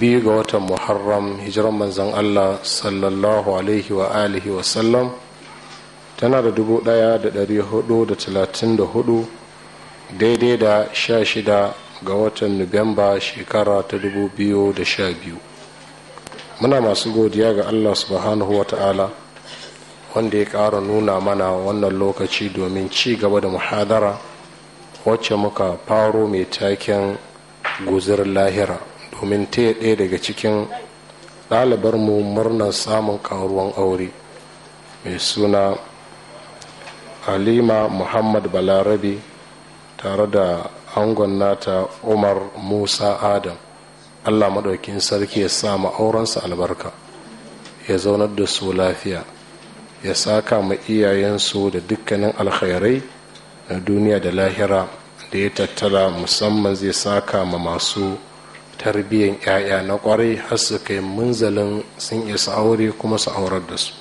biyu ga watan muharram hijiran manzan allah sallallahu alaihi wa alihi wasallam tana da dubu daya da dari hudu da talatin da hudu daidai da sha shida ga watan nuwamba shekara ta dubu biyu da sha biyu muna masu godiya ga allah subhanahu wa ta'ala wanda ya ƙara nuna mana wannan lokaci domin ci gaba da muhadara wacce muka faro mai taken guzir lahira kuminte ɗaya daga cikin ɗalibarmu murnar samun karuwan aure mai suna halima muhammad balarabi tare da angon nata umar musa adam allah maɗaukin sarki ya sa aurensa albarka ya zaunar da su lafiya ya saka ma iyayensu da dukkanin alkhairai na duniya da lahira da ya tattala musamman zai saka ma masu tarbiyyar 'ya'ya na kwarai har su kai munzalin sun isa aure kuma su aurar da su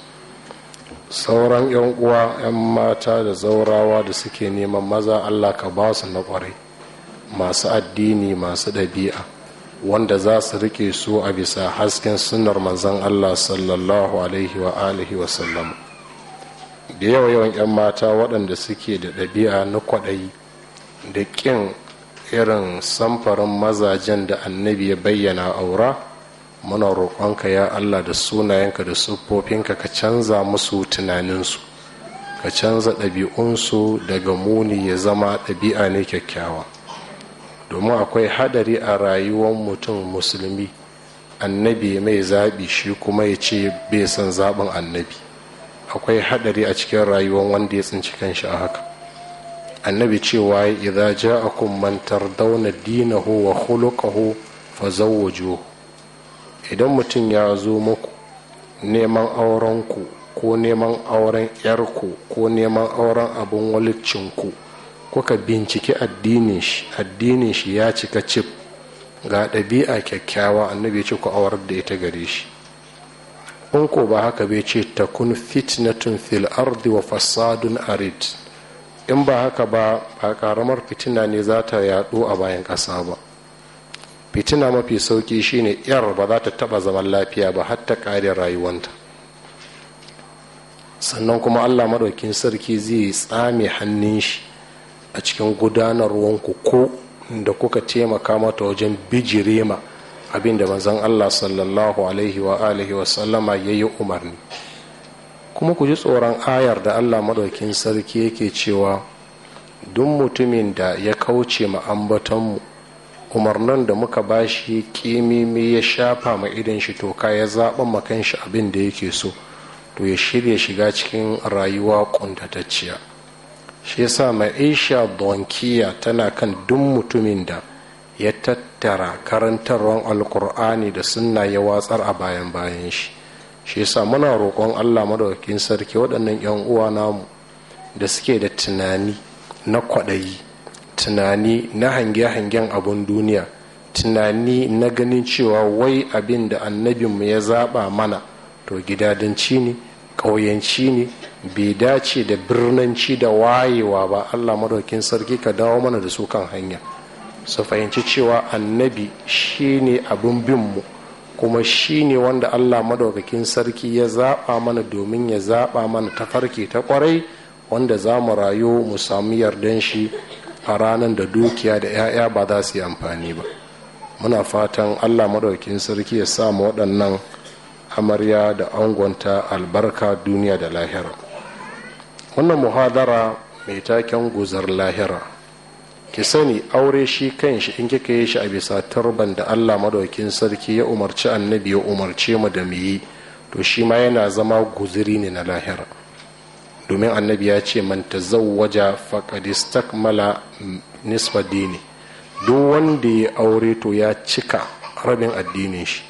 sauran 'yan uwa 'yan mata da zaurawa da suke neman maza allah ka ba su na kwarai masu addini masu ɗabi'a wanda za su rike su a bisa hasken sunar manzan allah sallallahu alaihi wa alihi wa sallam da yawa yawan 'yan mata waɗanda suke da ɗabi'a na kwaɗayi da ƙin irin samfarin mazajen da annabi ya bayyana aura muna roƙonka ya allah da sunayenka da siffofinka ka canza musu tunaninsu ka canza ɗabi'unsu daga muni ya zama ɗabi'a ne kyakkyawa domin akwai hadari a rayuwar mutum musulmi annabi mai zaɓi shi kuma ya ce bai son zaɓin annabi akwai hadari a cikin rayuwar wanda ya tsinci kan shi a haka annabi cewa idza ja'akum man tardawna dinahu wa khuluquhu fazawwiju idan mutum ya zo muku neman auren ku ko neman auren yarku ko neman auren abun walicin ku kuka binciki addinin shi addinin shi ya cika cif ga ɗabi'a kyakkyawa annabi ce ku awar da ita gare shi in ko ba haka bai ce takun fitnatun fil ardi wa fasadun arid in ba haka ba ƙaramar karamar fitina ne za ta yaɗo a bayan ƙasa ba fitina mafi sauƙi shine yar ba za ta taɓa zaman lafiya ba har ta ƙare rayuwanta sannan kuma allah maɗaukin sarki zai tsame hannun shi a cikin gudanarwanku ko da kuka taimaka mata wajen bijirema abinda manzon allah sallallahu alaihi wa alihi ya yi umarni kuma ku ji tsoron ayar da allah maɗaukin sarki yake cewa duk mutumin da ya kauce ma umarnan da muka ba shi kimimi ya shafa ma idan shi toka ya zaɓa makan shi abin da yake so to ya shirya shiga cikin rayuwa ƙuntatacciya shi yasa ma'isha donkiya tana kan duk mutumin da ya tattara karantarwar alkur'ani da sunna ya watsar a bayan bayan shi shi yasa muna roƙon allah madaukakin sarki waɗannan 'yan uwa namu da suke da tunani na kwaɗayi tunani na hange-hangen abun duniya tunani na ganin cewa wai abin da annabinmu ya zaɓa mana to gidadanci ne ƙauyanci ne bai dace da birnanci da wayewa ba allah madaukin sarki ka dawo mana da su kan hanya su fahimci cewa annabi shi ne abin binmu kuma shi ne wanda allah maɗaukakin sarki ya zaɓa mana domin ya zaɓa mana ta tafarki ta kwarai, wanda za mu rayu mu samu yardan shi a ranar da dukiya da 'ya'ya ba za su yi amfani ba muna fatan allah maɗaukakin sarki ya sa mu waɗannan amarya da angonta albarka duniya da lahira wannan muhadara mai taken guzar lahira ki sani aure shi kan shi in kika yi shi a bisa turban da allah madaukin sarki ya umarci annabi ya umarce mu da mu yi to shi ma yana zama guziri ne na lahira domin annabi ya ce man tazawwaja faqad istakmala nisfa dini duk wanda ya aure to ya cika rabin addinin shi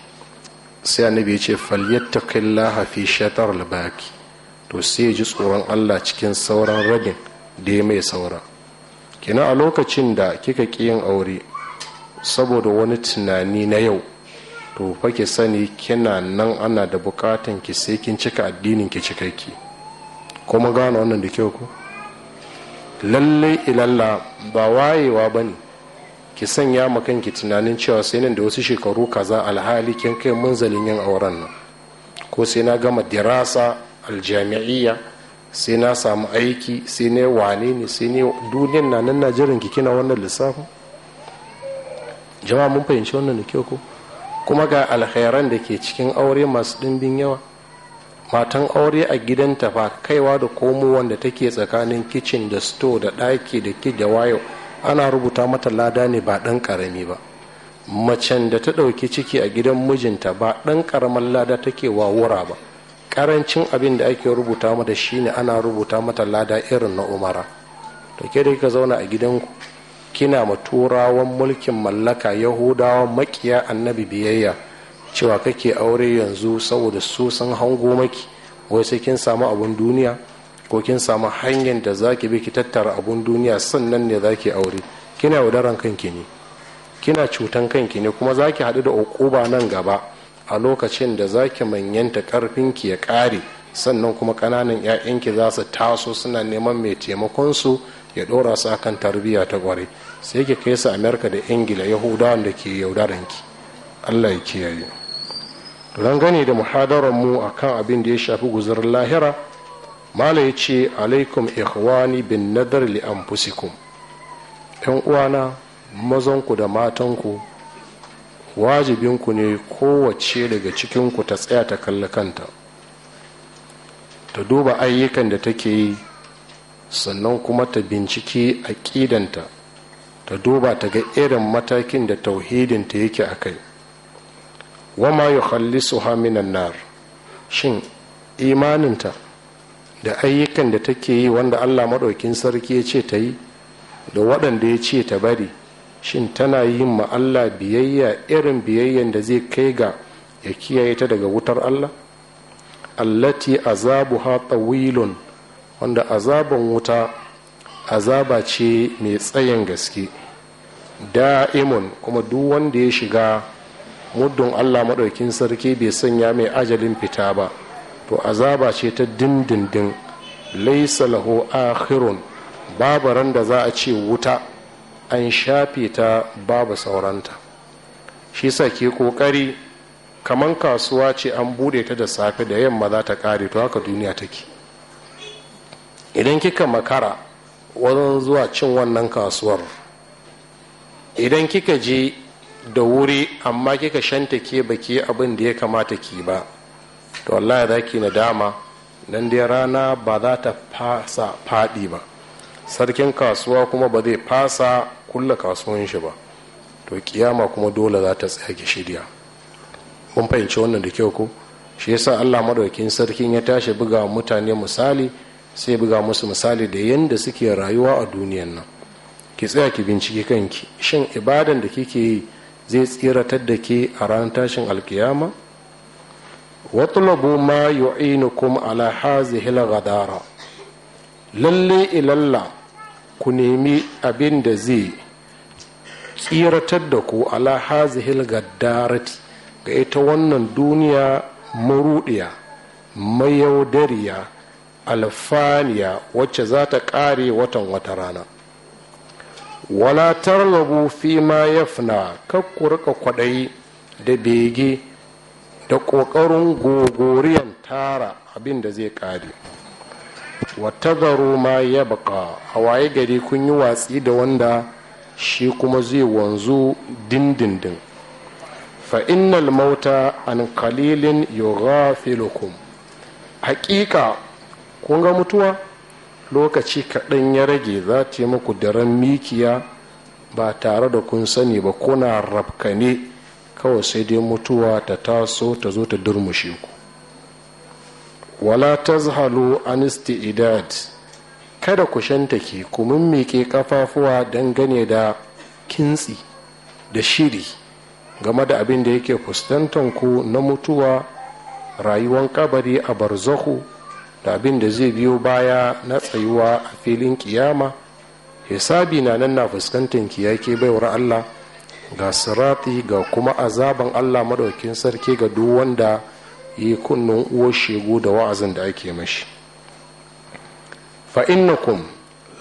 sai annabi ya ce falyattaqillaha fi shatar labaki to sai ji tsoron Allah cikin sauran rabin da ya mai sauran. kina a lokacin da kika ki yin aure saboda wani tunani na yau to fa ki sani kina nan ana da bukatan ki sai kin cika addinin ki cikakke kuma gano wannan da kyau ko lalle ilalla ba wayewa bane ki sanya ma kanki tunanin cewa sai nan da wasu shekaru kaza alhali kin kai munzalin yin auren nan ko sai na gama dirasa aljami'iyya sai na samu aiki sai ne wane ne sai ne duniyan na nan najeriya ki kina wannan lissafin jama'a mun fahimci wannan da kyau ko kuma ga alkhairan da ke cikin aure masu ɗimbin yawa matan aure a gidanta ba kaiwa da komo wanda take tsakanin kicin da sto da ɗaki da ki da wayo ana rubuta mata lada ne ba dan karami ba macen da ta ɗauki ciki a gidan mijinta ba ɗan ƙaramin lada take wawura ba karancin abin da ake rubuta mata shine ana rubuta mata lada irin na umara to ke da kika zauna a gidanku kina ma turawan mulkin mallaka yahudawa makiya annabi biyayya cewa kake aure yanzu saboda su sun hango maki wai sai kin samu abun duniya ko kin samu hanyar da zaki bi ki tattara abun duniya sannan ne zaki aure kina wadaran kanki ne kina cutan kanki ne kuma zaki haɗu da ukuba nan gaba a lokacin da za ki manyanta ki ya ƙare sannan kuma ƙananan 'ya'yanki za su taso suna neman mai taimakonsu ya ɗora su akan tarbiyya ta ƙware sai ki kai su amerika da ingila yahudawan da ke yaudaranki allah ya kiyaye don gani da muhadarar mu akan abin da ya shafi guzurin lahira mala ya ce alaikum ikhwani bin nadar li yan uwana mazanku da matanku wajibinku ne kowace daga cikinku ta tsaya ta kalli kanta ta duba ayyukan da take yi sannan kuma ta binciki aƙidanta ta duba ta ga irin matakin da tauhidinta yake a kai wama yi hallisu haminan nar shin imaninta da ayyukan da take yi wanda allah maɗaukin sarki ya ce ta yi da waɗanda ya ce ta bari shin tana yin ma Allah biyayya irin biyayyan da zai kai ga ya kiyaye ta daga wutar Allah allati azabuha tawilun wanda azaban wuta azaba ce mai tsayin gaske da'imun kuma duk wanda ya shiga muddin Allah maɗaukin sarki bai sanya mai ajalin fita ba to azaba ce ta dindindin laisa lahu akhirun babaran da za a ce wuta an shafe ta babu sauranta shi sa ke kokari kaman kasuwa ce an bude ta da safe da yamma za ta kare to haka duniya take idan kika makara wajen zuwa cin wannan kasuwar idan kika je da wuri amma kika shanta ke baki abin da ya kamata ki ba to wallahi za ki nadama nan dai rana ba za ta fasa faɗi ba sarkin kasuwa kuma ba zai fasa kulla kasuwan shi ba to kiyama kuma dole za ta tsaya shirya mun fahimci wannan da kyau ko shi yasa Allah madaukakin sarkin ya tashi buga mutane misali sai buga musu misali da yanda suke rayuwa a duniyan nan ki tsaya ki bincike kanki shin ibadan da kike yi zai tsiratar da ke a ranar tashin alkiyama watulabu ma yu'inukum ala hazihi al-ghadara lalle ilalla ku nemi abin da zai tsiratar da ku ala hazihil gaddarati ga ita wannan duniya maruɗiya mayaudariya alfaniya wacce za ta ƙare watan wata rana wala tarlabu fi ma yafna kakku rika kwaɗayi da bege da ƙoƙarin gogoriyan tara abin da zai ƙare watadaru ma ya baka a waye gari kun yi watsi da wanda shi kuma zai wanzu dindindin fa innal mauta an kalilin yughafilukum hakika kun ga mutuwa lokaci kaɗan ya rage za ta yi muku daren mikiya ba tare da kun sani ba kuna rafkane kawai sai dai mutuwa ta taso ta zo ta durmushe ku wala tazhalu an isti'dad kada ku ke ku mummike kafafuwa dangane da kintsi da shiri game da abin da yake fuskantar ku na mutuwa rayuwan kabari a barzahu da abin da zai biyo baya na tsayuwa a filin kiyama hisabi na nan na fuskantar ki yake baiwar Allah ga sirati ga kuma azaban Allah madaukin sarki ga duk wanda yi kunnen uwar shegu da wa'azin da ake mashi fa'innakum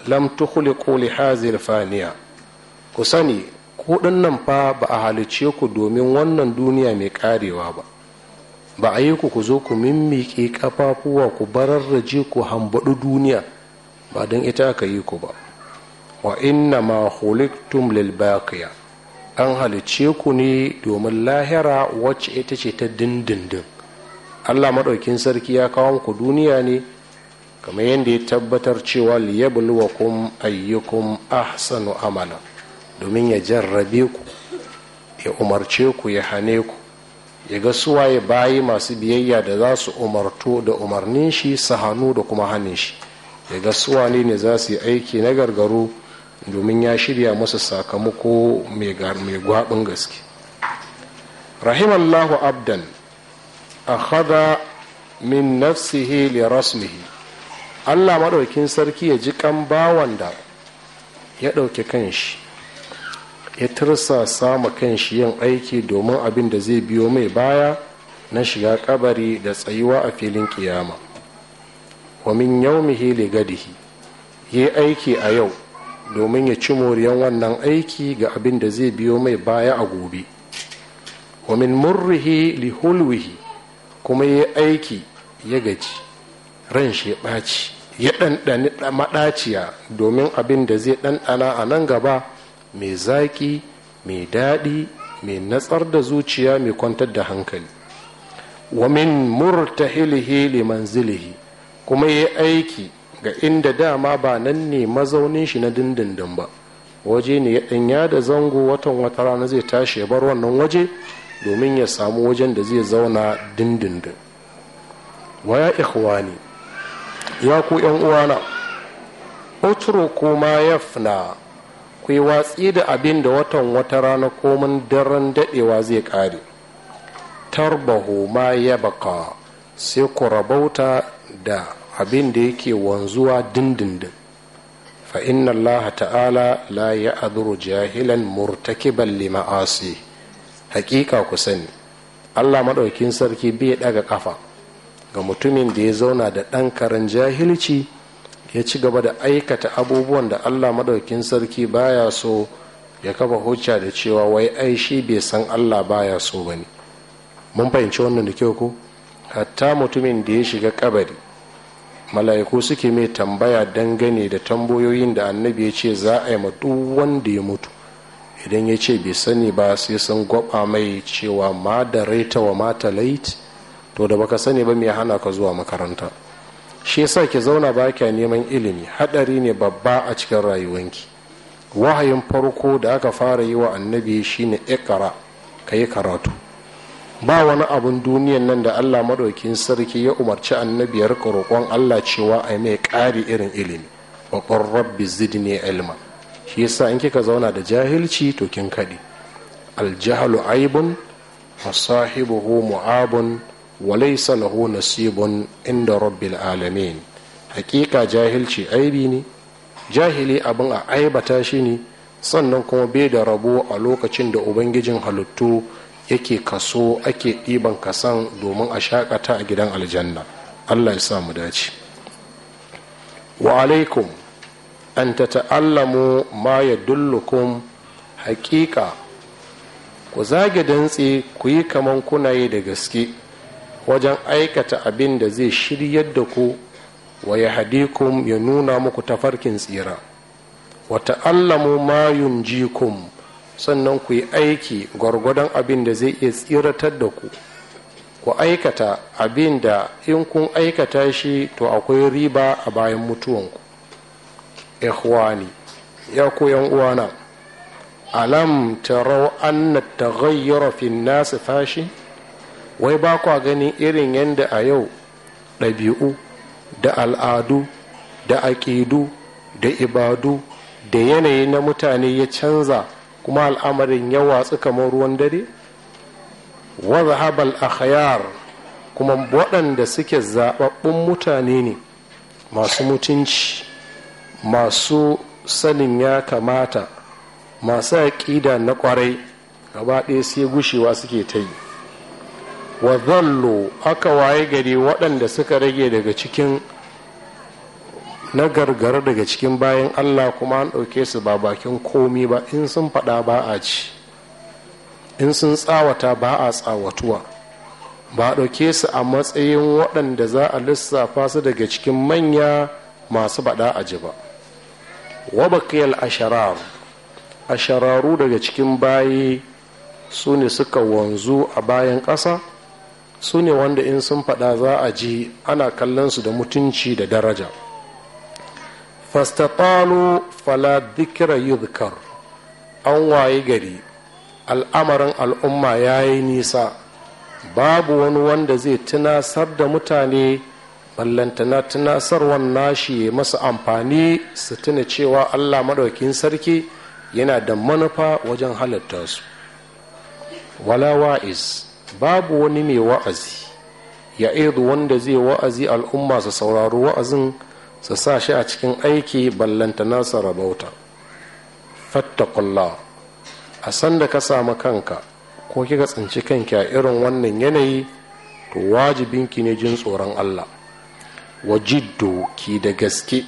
lam tukhliqu li hazil faniya ku sani kudin nan fa ba a halice ku domin wannan duniya mai karewa ba ba a yi ku ku zo ku mimmiƙe kafafuwa ku bararraje ku hambaɗu duniya ba don ita aka yi ku ba wa inna ma khuliqtum lil an halice ku ne domin lahira wacce ita ce ta dindindin allah maɗaukin sarki ya kawo ku duniya ne kamar yadda ya tabbatar cewa liyabluwakum ayyukum ahsanu amala domin ya jarrabe ku ya umarce ku ya hane ku ya ga suwaye bayi masu biyayya da za su umarto da umarnin shi su hannu da kuma hannun shi ya ga suwane ne za su yi aiki na gargaro domin ya shirya masu sakamako mai gwaɓin gaske rahimallahu abdan akhadha min nafsihi li rasmihi Allah maɗaukin sarki ya ji kan bawan da ya ɗauki kanshi ya tursa sama kanshi yin aiki domin abin da zai biyo mai baya na shiga kabari da tsayuwa a filin kiyama wa min yaumihi li gadihi yi aiki a yau domin ya ci moriyan wannan aiki ga abin da zai biyo mai baya a gobe wa min murrihi li hulwihi kuma ya aiki ya gaji ran shi ɓaci ya ɗanɗani maɗaciya domin abin da zai ɗanɗana a nan gaba mai zaƙi mai daɗi mai natsar da zuciya mai kwantar da hankali wa min murtahilihi liman zilihi kuma ya aiki ga inda dama ba nan ne mazaunin shi na dindindin ba waje ne ya ɗanya da zango watan wata rana zai tashi ya bar wannan waje domin ya samu wajen da zai zauna dindindin Wa waya ikhwani ya ku yan uwana utruku ma yafna ku yi watsi da abin da watan wata rana komin daren dadewa zai kare tarbahu ma ya baka sai ku rabauta da abin da yake wanzuwa dindindin fa inna allaha ta'ala la ya jahilan murtakiban lima'asi hakika ku sani allah maɗaukin sarki bai ɗaga ƙafa ga mutumin da ya zauna da ɗan karen jahilci ya ci gaba da aikata abubuwan da allah maɗaukin sarki baya so ya kafa hujja da cewa wai ai shi bai san allah baya so ba ne mun fahimci wannan da kyau ko hatta mutumin da ya shiga kabari mala'iku suke mai tambaya dangane da tambayoyin da annabi ya ce za a yi ma duk wanda ya mutu idan ya ce bai sani ba sai sun gwaba mai cewa ma da raita wa mata lait to da baka sani ba mai hana ka zuwa makaranta shi yasa ki zauna ba kya neman ilimi hadari ne babba a cikin rayuwanki wahayin farko da aka fara yi wa annabi shine ikra ka yi karatu ba wani abun duniyan nan da allah maɗaukin sarki ya umarci annabi ya roƙon allah cewa a mai ƙari irin ilimi babban rabbi zidni ilma shi yasa in kika zauna da jahilci to kin kaɗi aljahalu aibun masahibuhu mu'abun walaysa lahu nasibun inda rabbil alamin hakika jahilci aibi ne jahili abin a aibata shi ne sannan kuma bai da rabo a lokacin da ubangijin halittu yake kaso ake ɗiban kasan domin a shakata a gidan aljanna allah ya sa mu dace wa alaikum an ta ta'allamu ma ya dullukum haƙiƙa ku zage dantse ku yi kaman kuna yi da gaske wajen aikata abin da zai shiryar da ku wa ya hadikum ya nuna muku tafarkin tsira wa ta'allamu ma yunjikum sannan ku yi aiki gwargwadon abin da zai iya tsiratar da ku ku aikata abin da in kun aikata shi to akwai riba a bayan mutuwanku ikhwani ya koyan uwana alam tarau anna taghayyura fi nas fashi wai ba kwa ganin irin yadda a yau ɗabi'u da al'adu da aƙidu da ibadu da yanayi na mutane ya canza kuma al'amarin ya watsu kamar ruwan dare wazhabal akhyar kuma waɗanda suke zaɓaɓɓun mutane ne masu mutunci masu sanin ya kamata masu aƙida na ƙwarai gaba ɗaya sai gushewa suke ta yi wa zallo aka waye gari waɗanda suka rage daga cikin na daga cikin bayan allah kuma an ɗauke su ba bakin komi ba in sun faɗa ba a ci in sun tsawata ba a tsawatuwa ba a ɗauke su a matsayin waɗanda za a lissafa su daga cikin manya masu faɗa a ji ba wa baqiyal asharar ashararu daga cikin bayi su ne suka wanzu a bayan ƙasa su ne wanda in sun faɗa za a ji ana kallon su da mutunci da daraja fastatalu fala dhikra yudhkar an waye gari al'amarin al'umma ya yi nisa babu wani wanda zai tunasar da mutane ballantana tunasarwar nashi masu amfani su tuna cewa allah maɗaukin sarki yana da manufa wajen halatta su wala wa'iz babu wani mai wa'azi ya idu wanda zai wa'azi al'umma su saurari wa'azin su sa shi a cikin aiki ballantana sarabauta rabauta fattakullah a sanda ka samu kanka ko kika tsinci kanki a irin wannan yanayi to wajibinki ne jin tsoron allah wa ki da gaske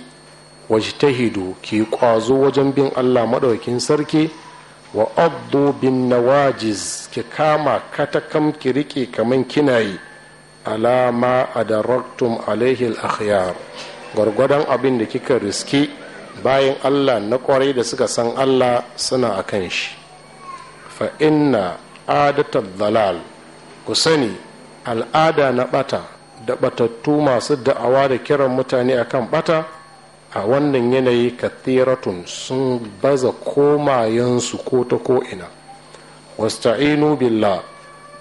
wajtahidu ki kwazo wajen bin Allah maɗaukin sarki wa addu bin nawajiz ki kama katakam ki rike kaman kinayi alama adaraktum alaihi al-akhyar gwargwadon abin da kika riske bayan Allah na kwarai da suka san Allah suna a kan shi fa inna adatar dalal ku sani al'ada na bata da batattu masu da'awa da kiran mutane akan bata a wannan yanayi kathiratun sun baza komayensu ko ta ko'ina wasta'inu billah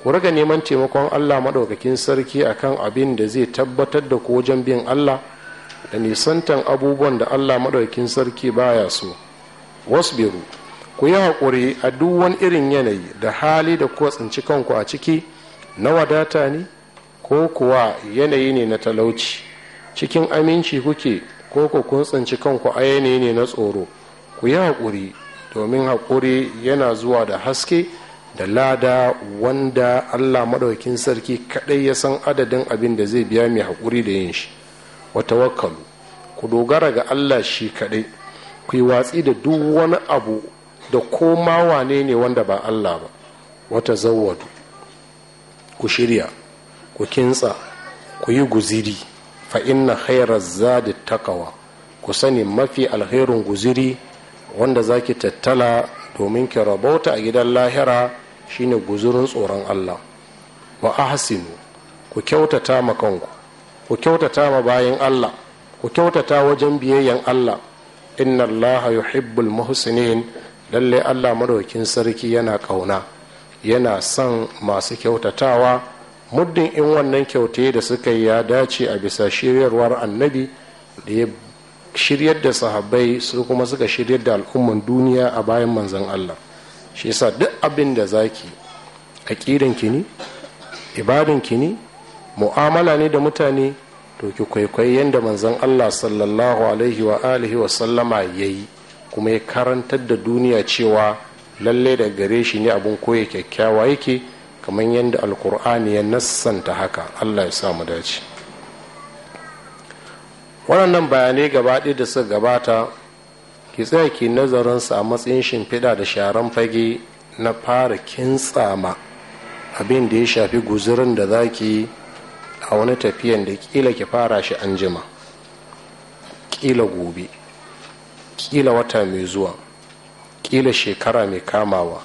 ku raga neman taimakon allah maɗaukakin sarki a kan abin da zai tabbatar da ku wajen bin allah da nisantan abubuwan da allah maɗaukakin sarki baya so wasu ku yi haƙuri a duk wani irin yanayi da hali da kuwa tsinci kanku a ciki na wadata ne ko kuwa yanayi ne na talauci cikin aminci kuke ko ku kuntsanci kanku a yanayi ne na tsoro ku yi haƙuri domin haƙuri yana zuwa da haske da lada wanda allah maɗaukin sarki kaɗai ya san adadin abin da zai biya mai haƙuri da yin shi wata wakalu ku dogara ga allah shi kaɗai ku yi watsi da duk wani abu da koma wane ne wanda ba allah ba wata zawadu ku shirya ku kintsa ku yi guziri fa inna khairar zadi takawa ku sani mafi alherin guziri wanda za ki tattala domin ki rabauta a gidan lahira shine guzurin tsoron allah wa ahsinu ku kyautata ma kanku ku kyautata ma bayan allah ku kyautata wajen biyayyan allah inna allaha yuhibbul muhsinin lalle allah madaukin sarki yana kauna yana son masu kyautatawa muddin in wannan kyautai da suka yi ya dace a bisa shiryarwar annabi da ya shiryar da sahabbai su kuma suka shiryar da al'umman duniya a bayan manzan allah shi yasa duk abin da zaki ki ne ibadanki ne mu'amala ne da mutane to ki kwaikwayi yadda manzan allah sallallahu alaihi wa alihi wa sallama ya kuma ya karantar da duniya cewa lalle da gare shi ne abin koya kyakkyawa yake kamar yadda alkur'ani ya nassanta haka allah ya samu dace waɗannan bayanai gabaɗaya da suka gabata ki tsaya ke nazarin a matsayin shimfiɗa da sharan fage na fara kintsama abin da ya shafi guzurin da za ki a wani tafiyan da ƙila ki fara shi an jima kila gobe ƙila wata mai zuwa ƙila shekara mai kamawa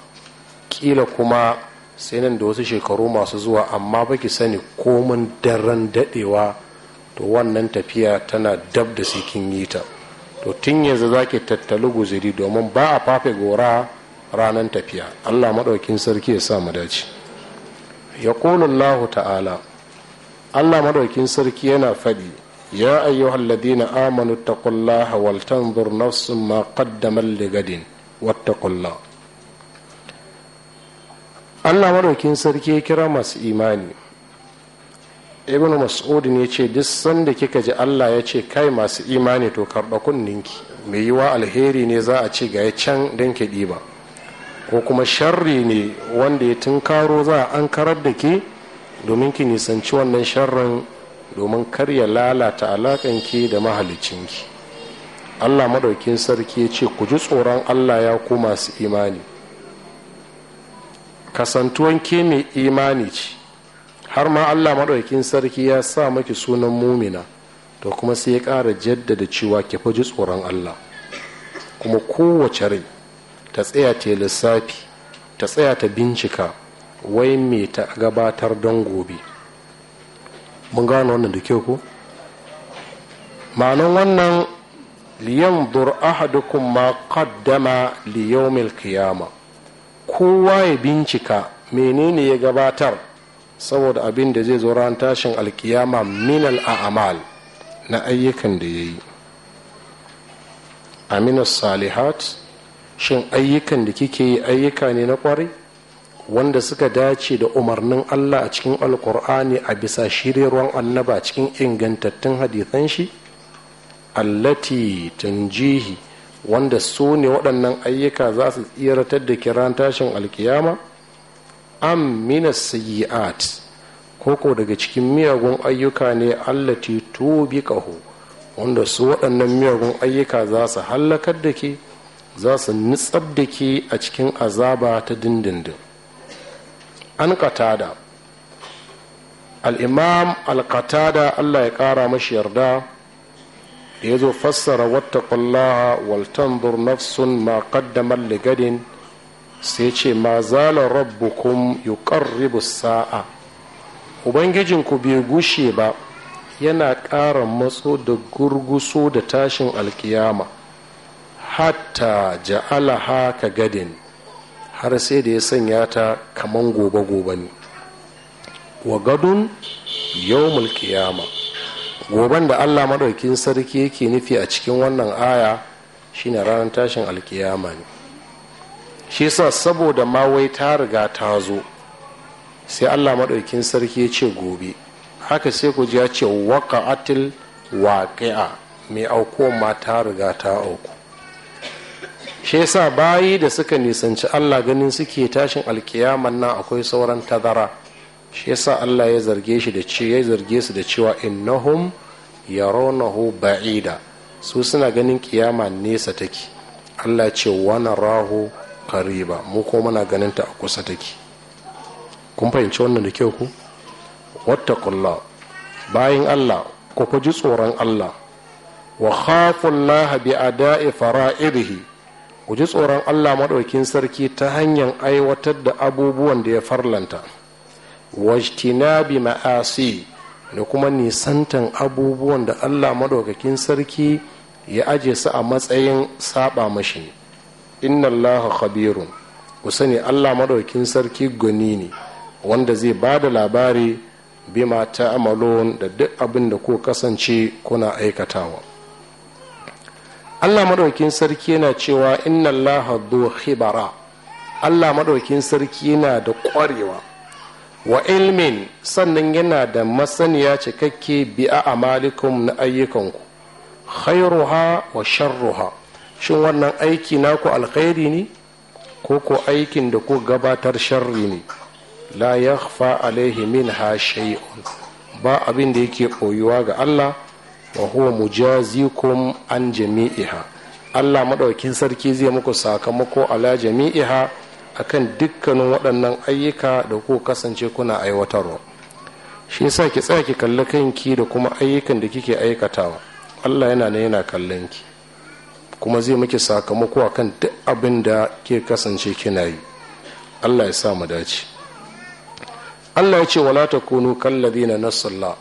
ƙila kuma sai nan da wasu shekaru masu zuwa amma baki sani komin daren daɗewa to wannan tafiya tana dab da sikin yi ta to tun yanzu za ki tattali guziri domin ba a fafe gora ranar tafiya allah maɗaukin sarki ya sa mu dace ya Allah ta'ala allah maɗaukin sarki yana faɗi ya ayyuhal ladina amanu taqullaha wal tanzur nafsun ma qaddamal ligadin wattaqullah allah maraukin sarki ya kira masu imani ibn mas'udin ya ce duk sanda kika ji allah ya ce kai masu imani to karɓa kunninki mai yiwa alheri ne za a ce ga ya can don ki ɗiba ko kuma sharri ne wanda ya tunkaro za a an karar da ke domin ki nisanci wannan sharrin domin kar ya lalata alaƙanki da mahalicinki allah maɗaukin sarki ya ce ku ji tsoron allah ya ku masu imani kasantuwan ke mai imani ce har ma allah maɗaukin sarki ya sa maki sunan mumina to kuma sai ya ƙara jaddada cewa ki faji tsoron allah kuma kowace rai ta tsaya ta lissafi ta tsaya ta bincika wai me ta gabatar don gobe mun gano wannan da kyau ko ma'anin wannan liyan dur ahadukum ma kaddama li yawmil qiyamah kowa ya bincika menene ya gabatar saboda abin da zai zo ran tashin alkiyama minal a'amal na ayyukan da ya yi aminas salihat shin ayyukan da kike yi ayyuka ne na kwarai wanda suka dace da umarnin allah a cikin alkur'ani a bisa shirin annaba cikin ingantattun hadithan shi allati tanjihi wanda su ne waɗannan ayyuka za su tsiratar da kiran tashin alkiyama am mina sayyi'at koko daga cikin miyagun ayyuka ne allati tubi ƙaho wanda su waɗannan miyagun ayyuka za su hallakar da ke za su nitsab da ke a cikin azaba ta dindindin an katada al'imam al allah ya ƙara mashi yarda da ya zo fassara wata wal tanzur nafsun ma qaddamat ligadin, sai ce ma zala rabbukum yuqarribu sa'a ubangijinku bai gushe ba yana ƙara matso da gurguso da tashin alkiyama hatta ja'ala haka gadin har sai da ya sanya ta kaman gobe-gobe ne wa gadon yau mulkiyama. goban da allah maɗaukin sarki yake nufi a cikin wannan aya shine ranar tashin alkiyama ne shi sa saboda ma wai ta riga ta zo sai allah maɗaukin sarki ya ce gobe haka sai ku ya ce waka'atil waƙi'a mai auko ma ta riga ta auku shi sa bayi da suka nisanci allah ganin suke tashin alkiyaman nan akwai sauran tazara shi yasa Allah ya zarge shi da ce ya zarge su da cewa innahum yaronahu ba'ida su suna ganin kiyama nesa take Allah ce wana rahu kariba mu ko muna ganin ta a kusa take kun fahimci wannan da kyau ku wattaqullah bayan Allah ku ji tsoron Allah wa Allah bi ada'i fara'idihi ku ji tsoron Allah madaukin sarki ta hanyar aiwatar da abubuwan da ya farlanta wajtinabi ma'asi da kuma nisantan abubuwan da allah maɗaukakin sarki ya aje su a matsayin saba mashi inna allah khabirun ku sani allah maɗaukakin sarki goni ne wanda zai ba da labari bima ta amalon da duk abin da ko kasance kuna aikatawa allah maɗaukakin sarki yana cewa inna allaha khibara allah maɗaukin sarki yana da ƙwarewa wa ilmin sannan yana da masaniya cikakke a amalikum na ayyukanku khairuha wa sharruha shin wannan aiki naku alkhairi ne ko ko aikin da ku gabatar sharri ne la fa alaihi ha shay'un ba abin da yake koyuwa ga Allah wa huwa mujazikum an jami'iha Allah madaukin sarki zai muku sakamako ala jami'iha akan dukkanin waɗannan ayyuka da ku kasance kuna aiwatarwa shi yasa ki tsaya ki kalli kanki da kuma ayyukan da kike aikatawa Allah yana ne yana kallon ki kuma zai miki sakamako akan duk abin da ke kasance kina yi Allah ya sa mu dace Allah ya ce wala takunu kallazina nasalla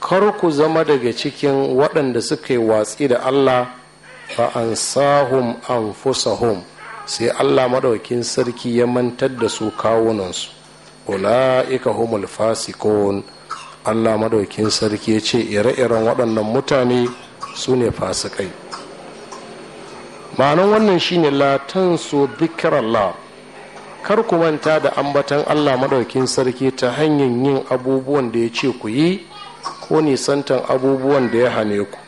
kar ku zama daga cikin waɗanda suka yi watsi da Allah fa ansahum anfusahum sai allah maɗaukin sarki ya mantar da su kawunansu ula'ika humul fasikon allah maɗaukin sarki ya ce ire-iren waɗannan mutane su ne fasikai ma'anan wannan shine latan su bikirallah kar ku manta da ambatan allah maɗaukin sarki ta hanyar yin abubuwan da ya ce ku yi ko nisantan abubuwan da ya hane ku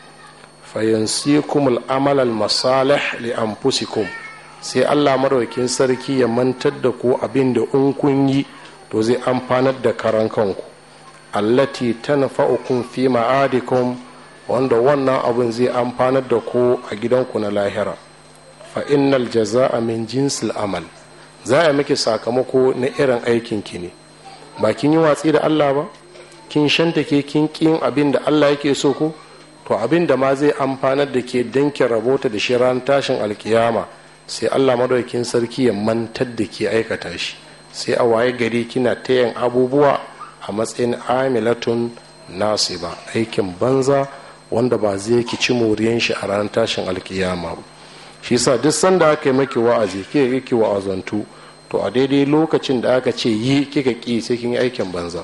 fayansi al'amal al-masalih li anfusikum sai allah maraukin sarki ya mantar da ku abin da in kun yi to zai amfanar da karan kanku allati tanfa'ukum fi ma'adikum wanda wannan abin zai amfanar da ku a gidanku na lahira fa innal a min jinsil amal za a miki sakamako na irin aikin ki ne ba kin yi watsi da Allah ba kin shanta ke kin kin abin da Allah yake so ku to abin da ma zai amfanar da ke ki rabota da shi ran tashin alkiyama sai allah madaukin sarki ya mantar da ke aikata shi sai a waye gari kina ta yin abubuwa a matsayin amilatun ba aikin banza wanda ba zai ki ci moriyan shi a ranar tashin alkiyama ba shi sa duk sanda aka yi maki wa'azi kika kike wa'azantu to a daidai lokacin da aka ce yi kika ki sai kin yi aikin banza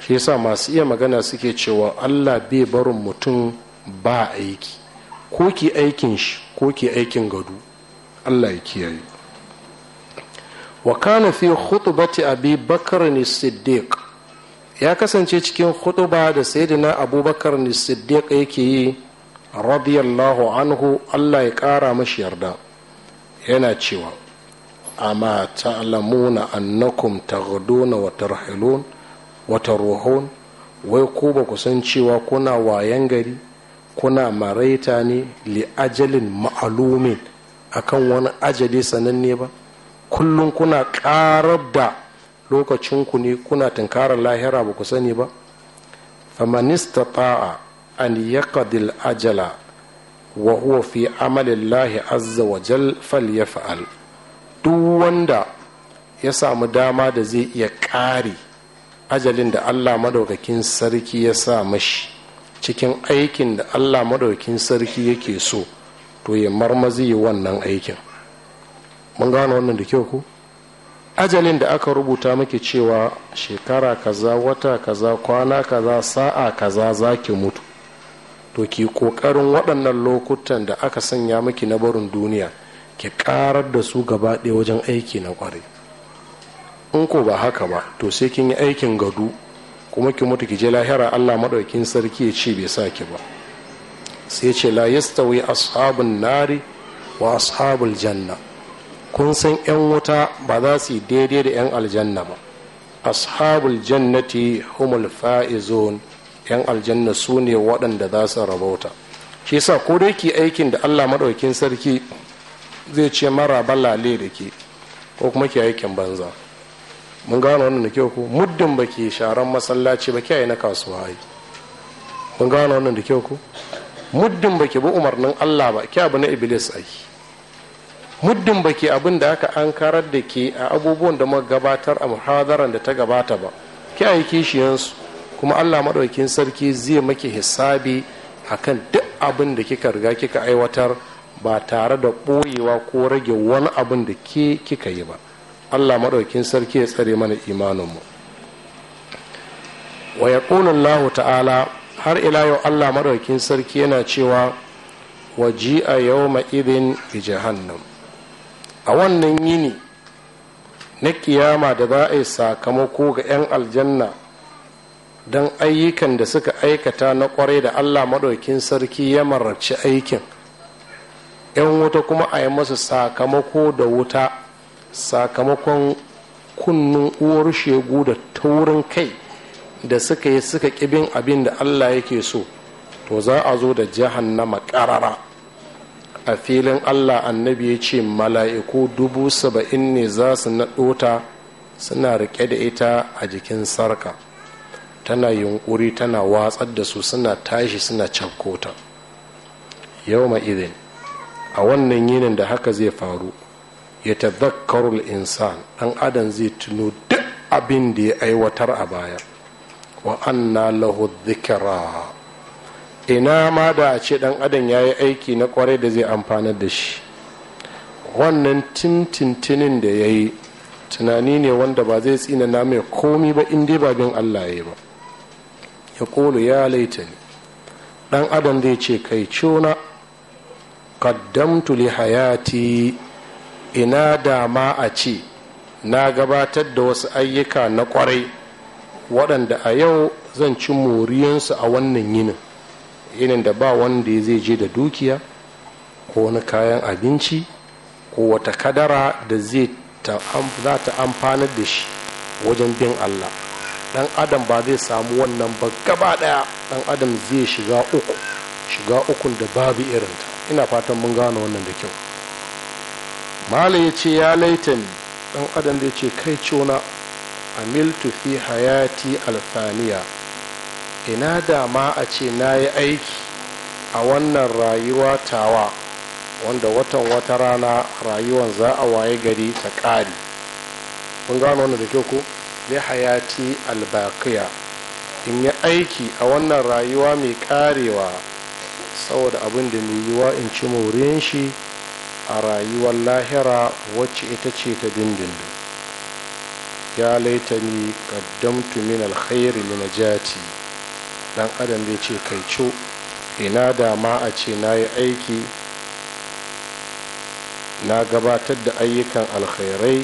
shi sa masu iya magana suke cewa allah bai barin mutum ba aiki ko ki aikin shi ko ki aikin gado Allah ya kiyaye wa kana fi khutbati abi bakr siddiq ya kasance cikin khutba da sayyidina abubakar ni siddiq yake yi radiyallahu anhu Allah ya kara mashi yarda yana cewa amma ta'lamuna annakum taghduna wa tarhilun wa taruhun wai ku ba ku san cewa kuna wayan gari kuna maraita ne li ajalin ma'alumin akan wani ajali sananne ba kullum kuna karar da lokacinku ne kuna tunkarar lahira ba ku sani ba famanista ta'a an yaqadil ajala wa huwa fi amalillahi azza wa jal fa'al. duk wanda ya samu dama da zai iya ƙare ajalin da allah madaukakin sarki ya sa mashi cikin aikin da allah madaukakin sarki yake so to ya marmazi wannan aikin mun gano wannan da kyau ko ajalin da aka rubuta maki cewa shekara kaza wata kaza kwana kaza sa'a kaza za ki mutu to ki kokarin waɗannan lokutan da aka sanya maki na barin duniya ki karar da su gaba ɗaya wajen aiki na kwarai in ko ba haka ba to sai kin yi aikin gado kuma ki mutu ki je lahira allah maɗaukin sarki ya ce bai sa ki ba sai ce la yastawi ashabun nari wa ashabul janna kun san yan wuta ba za su yi daidai da yan aljanna ba ashabul jannati humul fa'izun yan aljanna su ne waɗanda za su rabauta shi sa ko da ke aikin da allah maɗaukin sarki zai ce mara balale da ke ko kuma ke aikin banza mun gano wannan da kyau ku muddin ba ke sharan masallaci ba kiyaye na kasuwa ai mun gano wannan da kyau ku muddin baki bi umarnin Allah ba ki abu na iblis ai muddin baki abin da aka an karar da ke a abubuwan da muka gabatar a muhadaran da ta gabata ba ki ayi kishiyansu kuma Allah maɗaukin sarki zai maki hisabi akan duk abin da kika riga kika aiwatar ba tare da ɓoyewa ko rage wani abin da ke kika yi ba Allah maɗaukin sarki ya tsare mana imaninmu wa Allahu ta'ala har ila yau allah maɗaukin sarki yana cewa waji a yau ma'idin bi jahannam a wannan yini na kiyama da za a yi sakamako ga 'yan aljanna don ayyukan da suka aikata na kwarai da allah maɗaukin sarki ya mararci aikin 'yan wuta kuma a yi masa sakamako da wuta sakamakon kunnun uwar shegu da taurin kai da suka yi suka ƙibin abin da allah yake so to za a zo da jahannama maƙarara. a filin allah annabi ya ce mala'iku dubu saba'in ne za su naɗo ta suna riƙe da ita a jikin sarka tana yunƙuri tana watsar da su suna tashi suna cakkota yau ma'izin a wannan yinin da haka zai faru ya tazakkarul insan ɗan adam zai tuno duk abin da ya aiwatar a baya wa anna lahu dhikra ina ma da a ce dan adam ya yi aiki na kwarai da zai amfanar da shi wannan tintintinin da ya yi tunani ne wanda ba zai tsina na mai komi ba in dai ba bin allah ya yi ba ya kolo ya laita ne dan adam zai ce kai cona kaddamtu li hayati ina da ma a ce na gabatar da wasu ayyuka na kwarai waɗanda a yau zan ci moriyansu a wannan yinin yinin da ba wanda zai je da dukiya ko wani kayan abinci ko wata kadara da zai za ta amfana da shi wajen bin allah dan adam ba zai samu wannan ba gaba daya dan adam zai shiga uku shiga ukun da babu irinta ina fatan mun gane wannan da kyau malam ya ce ya laitani dan adam zai ce kai ciwona amiltu fi hayati alfaniya ina da ma a ce na yi aiki a wannan rayuwa tawa wanda watan wata rana rayuwan za a waye gari ta ƙari kun gano wannan da kyau ku li hayati albaqiya in yi aiki a wannan rayuwa mai ƙarewa saboda abin da mai yiwa in ci morin shi a rayuwar lahira wacce ita ce ta dindindin ya laitani qaddamtu min alkhairi li najati dan adam zai ce kai co ina da ma a ce na yi aiki na gabatar da ayyukan alkhairai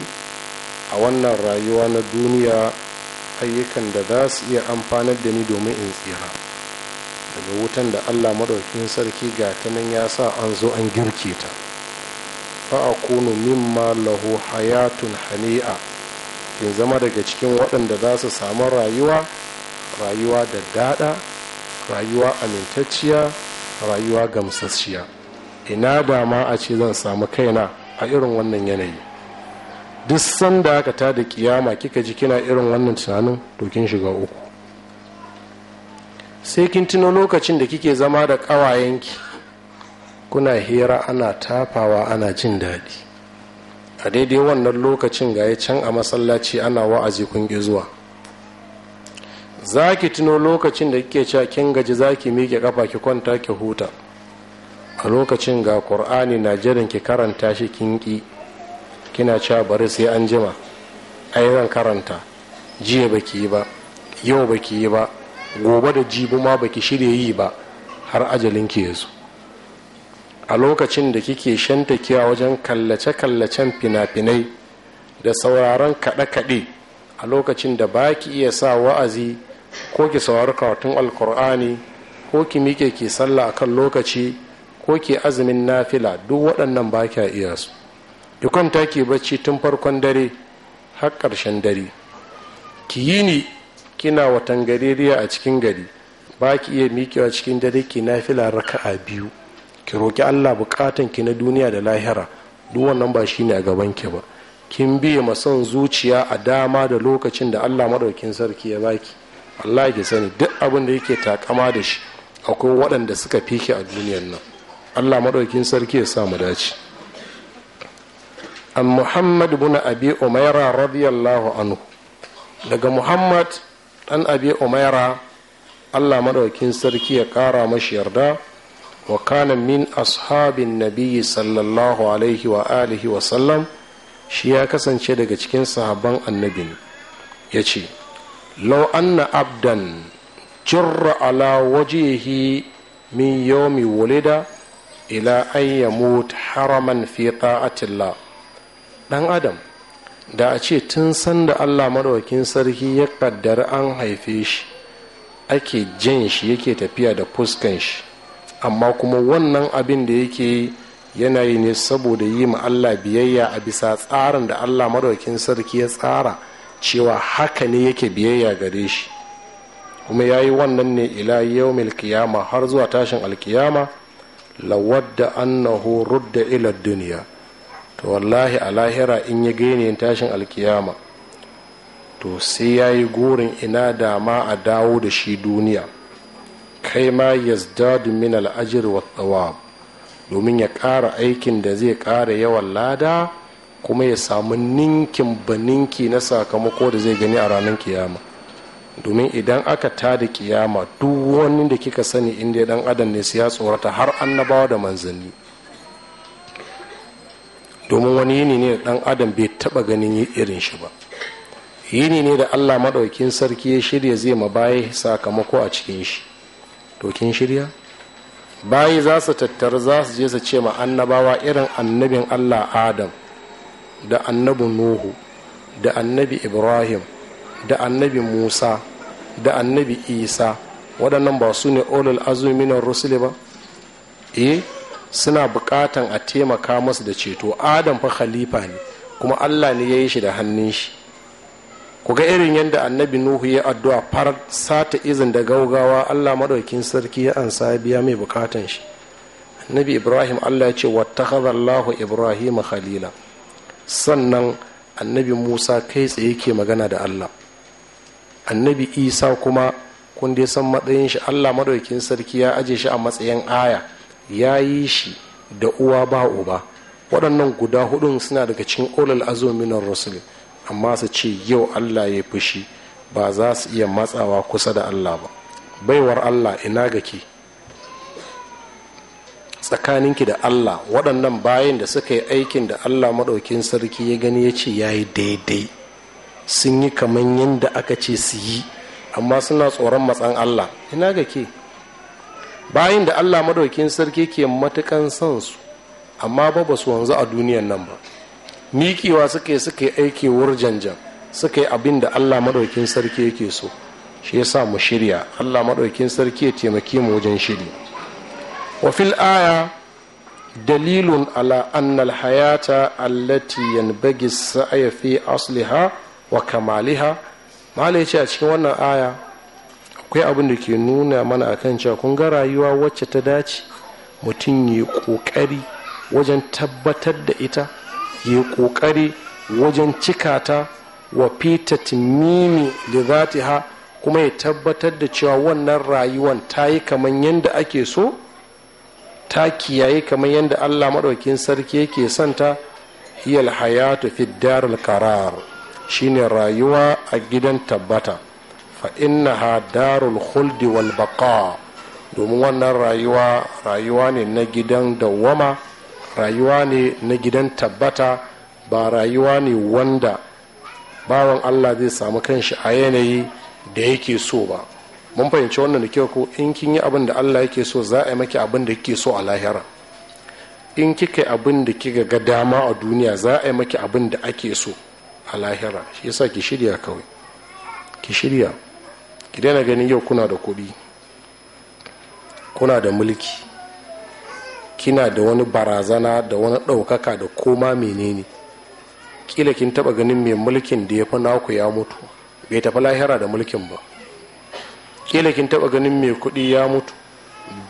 a wannan rayuwa na duniya ayyukan da za su iya amfanar da ni domin in tsira daga wutan da allah maɗaukin sarki ga ta nan ya sa an zo an girke ta fa'a a kunu mimma lahu hayatun hani'a Kin zama daga cikin waɗanda za su samu rayuwa rayuwa da daɗa rayuwa amintacciya rayuwa gamsasshiya ina ba ma a ce zan samu kaina a irin wannan yanayi duk sanda aka ta da kiyama kika ji kina irin wannan tunanin dokin shiga uku sai kin tuno lokacin da kike zama da ƙawayenki kuna hira ana tafawa ana jin daɗi a daidai wannan lokacin ga ya can a masallaci ana wa'azi kun zuwa za ki tuno lokacin da kike cewa kin gaji za ki miƙe ƙafa ki kwanta ki huta a lokacin ga ƙur'ani na jiran ki karanta shi kin ƙi kina cewa bari sai an jima ai zan karanta jiya baki yi ba yau baki yi ba gobe da jibi ma baki shirya yi ba har ajalin ki ya zo a lokacin da kike shantakewa wajen kallace-kallacen fina-finai da sauraron kaɗe-kaɗe a lokacin da ba ki iya sa wa'azi ko ki saurari karatun alkur'ani ko ki mike ki sallah a kan lokaci ko ki azumin nafila duk waɗannan ba kya iya su ki kwanta ki bacci tun farkon dare har ƙarshen dare ki yi ni kina watan gareriya a cikin gari ba ki iya miƙewa cikin dare ki nafila raka'a biyu ki roki allah bukatan ki na duniya da lahira duk wannan ba shine a gaban ki ba kin biye son zuciya a dama da lokacin da allah madaukin sarki ya baki allah ki sani duk abin da yake takama da shi akwai waɗanda suka fi ki a duniyar nan allah madaukin sarki ya sa mu dace an muhammad bin abi umaira radiyallahu anhu daga muhammad dan abi umaira allah madaukin sarki ya kara mashi yarda wa kana min ashabin nabiyyi sallallahu alaihi wa alihi wa sallam shi ya kasance daga cikin sahabban annabi ya ce lau na abdan jirra ala wajihi min yomi wulida ila an mutu haraman fi ta'atillah dan adam da a ce tun sanda allah maɗaukin sarki ya kaddara an haife shi ake jan shi yake tafiya da fuskan shi amma kuma wannan abin da yake yanayi yana ne saboda yi ma Allah biyayya a bisa tsarin da Allah madaukin sarki ya tsara cewa haka ne yake biyayya gare shi kuma ya yi wannan ne ila yawmil kiyama har zuwa tashin alkiyama lawadda annahu rudda ilar duniya to wallahi a lahira in ya gaine tashin alkiyama to sai ya yi gurin ina dama a dawo da shi duniya kai ma yazdadu min al'ajir wa tsawab domin ya ƙara aikin da zai ƙara yawan lada kuma ya samu ninkin baninki na sakamako da zai gani a ranar kiyama domin idan aka tada kiyama duk wani da kika sani inda dan adam ne ya tsorata har annabawa da manzanni domin wani yini ne da dan adam bai taba ganin irin shi ba yini ne da allah maɗaukin sarki ya shirya zai ma baya sakamako a cikin shi to shirya bayi za su tattara za su je su ce ma annabawa irin annabin allah adam da annabin nuhu da annabi ibrahim da annabi musa da annabi isa waɗannan ba su ne olul azuminan rusuli ba eh suna bukatan a taimaka masu da ceto adam fa khalifa ne kuma allah ne ya yi shi da hannun shi ku ga irin yadda annabi nuhu ya addu'a far sata izin da gaugawa allah maɗaukin sarki ya ansa biya mai bukatan shi annabi ibrahim allah ya ce wattakhadallahu ibrahim khalila sannan annabi musa kai tsaye ke magana da allah annabi isa kuma kun dai san matsayin shi allah maɗaukin sarki ya aje shi a matsayin aya ya yi shi da uwa ba uba waɗannan guda hudun suna daga cikin olal azumin rasulun amma su ce yau allah ya fushi ba za su iya matsawa kusa da allah ba baiwar allah ina ga ke tsakaninki da allah waɗannan bayan da suka yi aikin da allah maɗaukin sarki ya gani ya ce ya yi daidai sun yi kamar yadda aka ce su yi amma suna tsoron matsan allah ina ga ke bayan da allah maɗaukin sarki ke matukan son su amma ba ba su wanzu a duniyan nan ba miƙewa suke suke aiki wurjanjan suka suke abin da allah maɗaukin sarki yake so shi ya sa mu shirya allah maɗaukin sarki ya taimaki mu wajen shiri wa fil aya dalilun ala annal hayata allati yanbaghi sa'ya fi asliha wa kamaliha malai ce a cikin wannan aya akwai abin da ke nuna mana akan cewa kun ga rayuwa wacce ta dace mutum ya ƙoƙari wajen tabbatar da ita yi ƙoƙari wajen cikata wa fita timimi da ha kuma ya tabbatar da cewa wannan rayuwan ta yi kamar yadda ake so ta kiyaye kamar yadda allah maɗaukin sarki yake santa hiyal hayatu fi darul karar shine rayuwa a gidan tabbata fa ha darul khuldi wal baqa domin wannan rayuwa rayuwa ne na gidan dawwama rayuwa ne na gidan tabbata ba rayuwa ne wanda bawan allah zai samu kanshi a yanayi da yake so ba mun fahimci wannan da kyau ko in kin yi abin da allah yake so za a yi maki abin da yake so a lahira in kika yi abin da kika ga dama a duniya za a yi maki abin da ake so a lahira shi yasa ki shirya kawai ki shirya ki daina ganin yau kuna da kuɗi kuna da mulki kina da wani barazana da wani ɗaukaka da koma menene kila kin taba ganin mai mulkin da ya fi naku ya mutu bai tafi lahira da mulkin ba kila kin taba ganin mai kuɗi ya mutu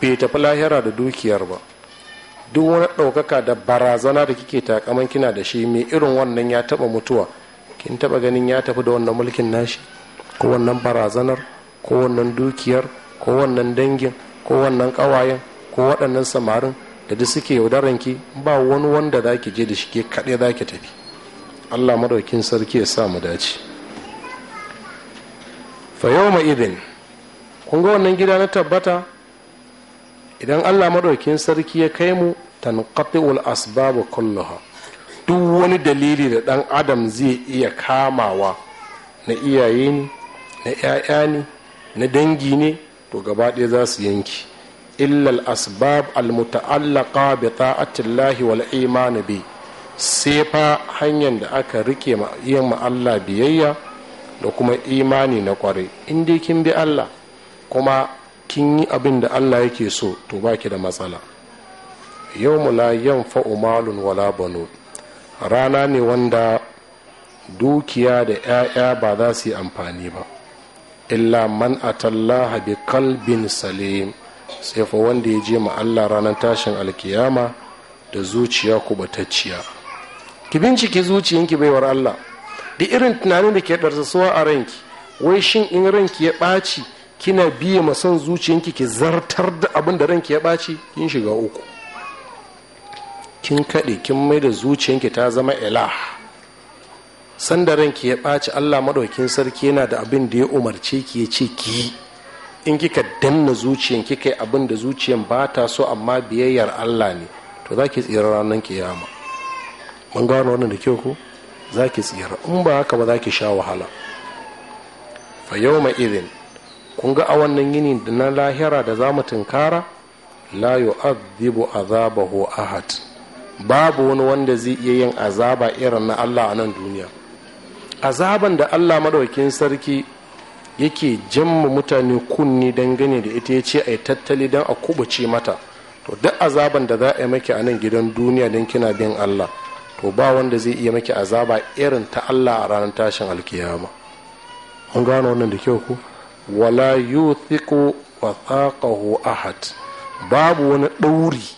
bai tafi lahira da dukiyar ba duk wani ɗaukaka da barazana da kike takaman kina da shi mai irin wannan ya taba mutuwa kin taba ganin ya tafi da wannan mulkin nashi ko wannan barazanar ko wannan dukiyar ko wannan dangin ko wannan ƙawayen ko waɗannan samarin da duk suke yaudaranki ba wani wanda za ki je da shi ke kaɗai za ki tafi allah madaukin sarki ya sa mu dace fa yau ma idin kun ga wannan gida na tabbata idan allah madaukin sarki ya kai mu tan ul asbabu kulluha duk wani dalili da dan adam zai iya kamawa na iyaye ne na 'ya'ya ne na dangi ne to gaba ɗaya za su yanki illa al-asbab al-muta'allaqa bi ta'atillahi wal iman bi sai fa hanyar da aka rike yin ma Allah biyayya da kuma imani na ƙwarai in dai kin bi Allah kuma kin yi abin da Allah yake so to baki da matsala yawmu la yanfa'u malun wala banu rana ne wanda dukiya da 'ya'ya ba za su yi amfani ba illa man atallaha bi kalbin salim sai fa wanda ya je ma Allah ranar tashin alkiyama da zuciya kubatacciya ki binciki zuciyanki baiwar Allah da irin tunanin da ke darsasuwa a ranki wai shin in ranki ya ɓaci kina biya ma son zuciyanki ki zartar da abin da ranki ya ɓaci kin shiga uku kin kaɗe kin mai da zuciyanki ta zama ilah sanda ranki ya ɓaci Allah maɗaukin sarki yana da abin da ya umarce ki ya ce ki yi in kika danna zuciyan kika yi abin da zuciyan ba ta so amma biyayyar Allah ne to za ki tsira ranar kiyama mun gano wannan da kyau ko za ki tsira in ba haka ba za ki sha wahala fa yau ma irin kun ga a wannan yini da na lahira da za mu tunkara la yu'adhibu azabahu ahad babu wani wanda zai iya yin azaba irin na Allah a nan duniya azaban da Allah madaukin sarki yake jamma mutane kunni dangane da ita ya ce a yi tattali don a kubuce mata to duk azaban da za a yi maki a nan gidan duniya don kina bin allah to ba wanda zai iya maki azaba irin ta allah a ranar tashin alkiyama an gano wannan da kyau ko wala wa wathaqahu ahad babu wani ɗauri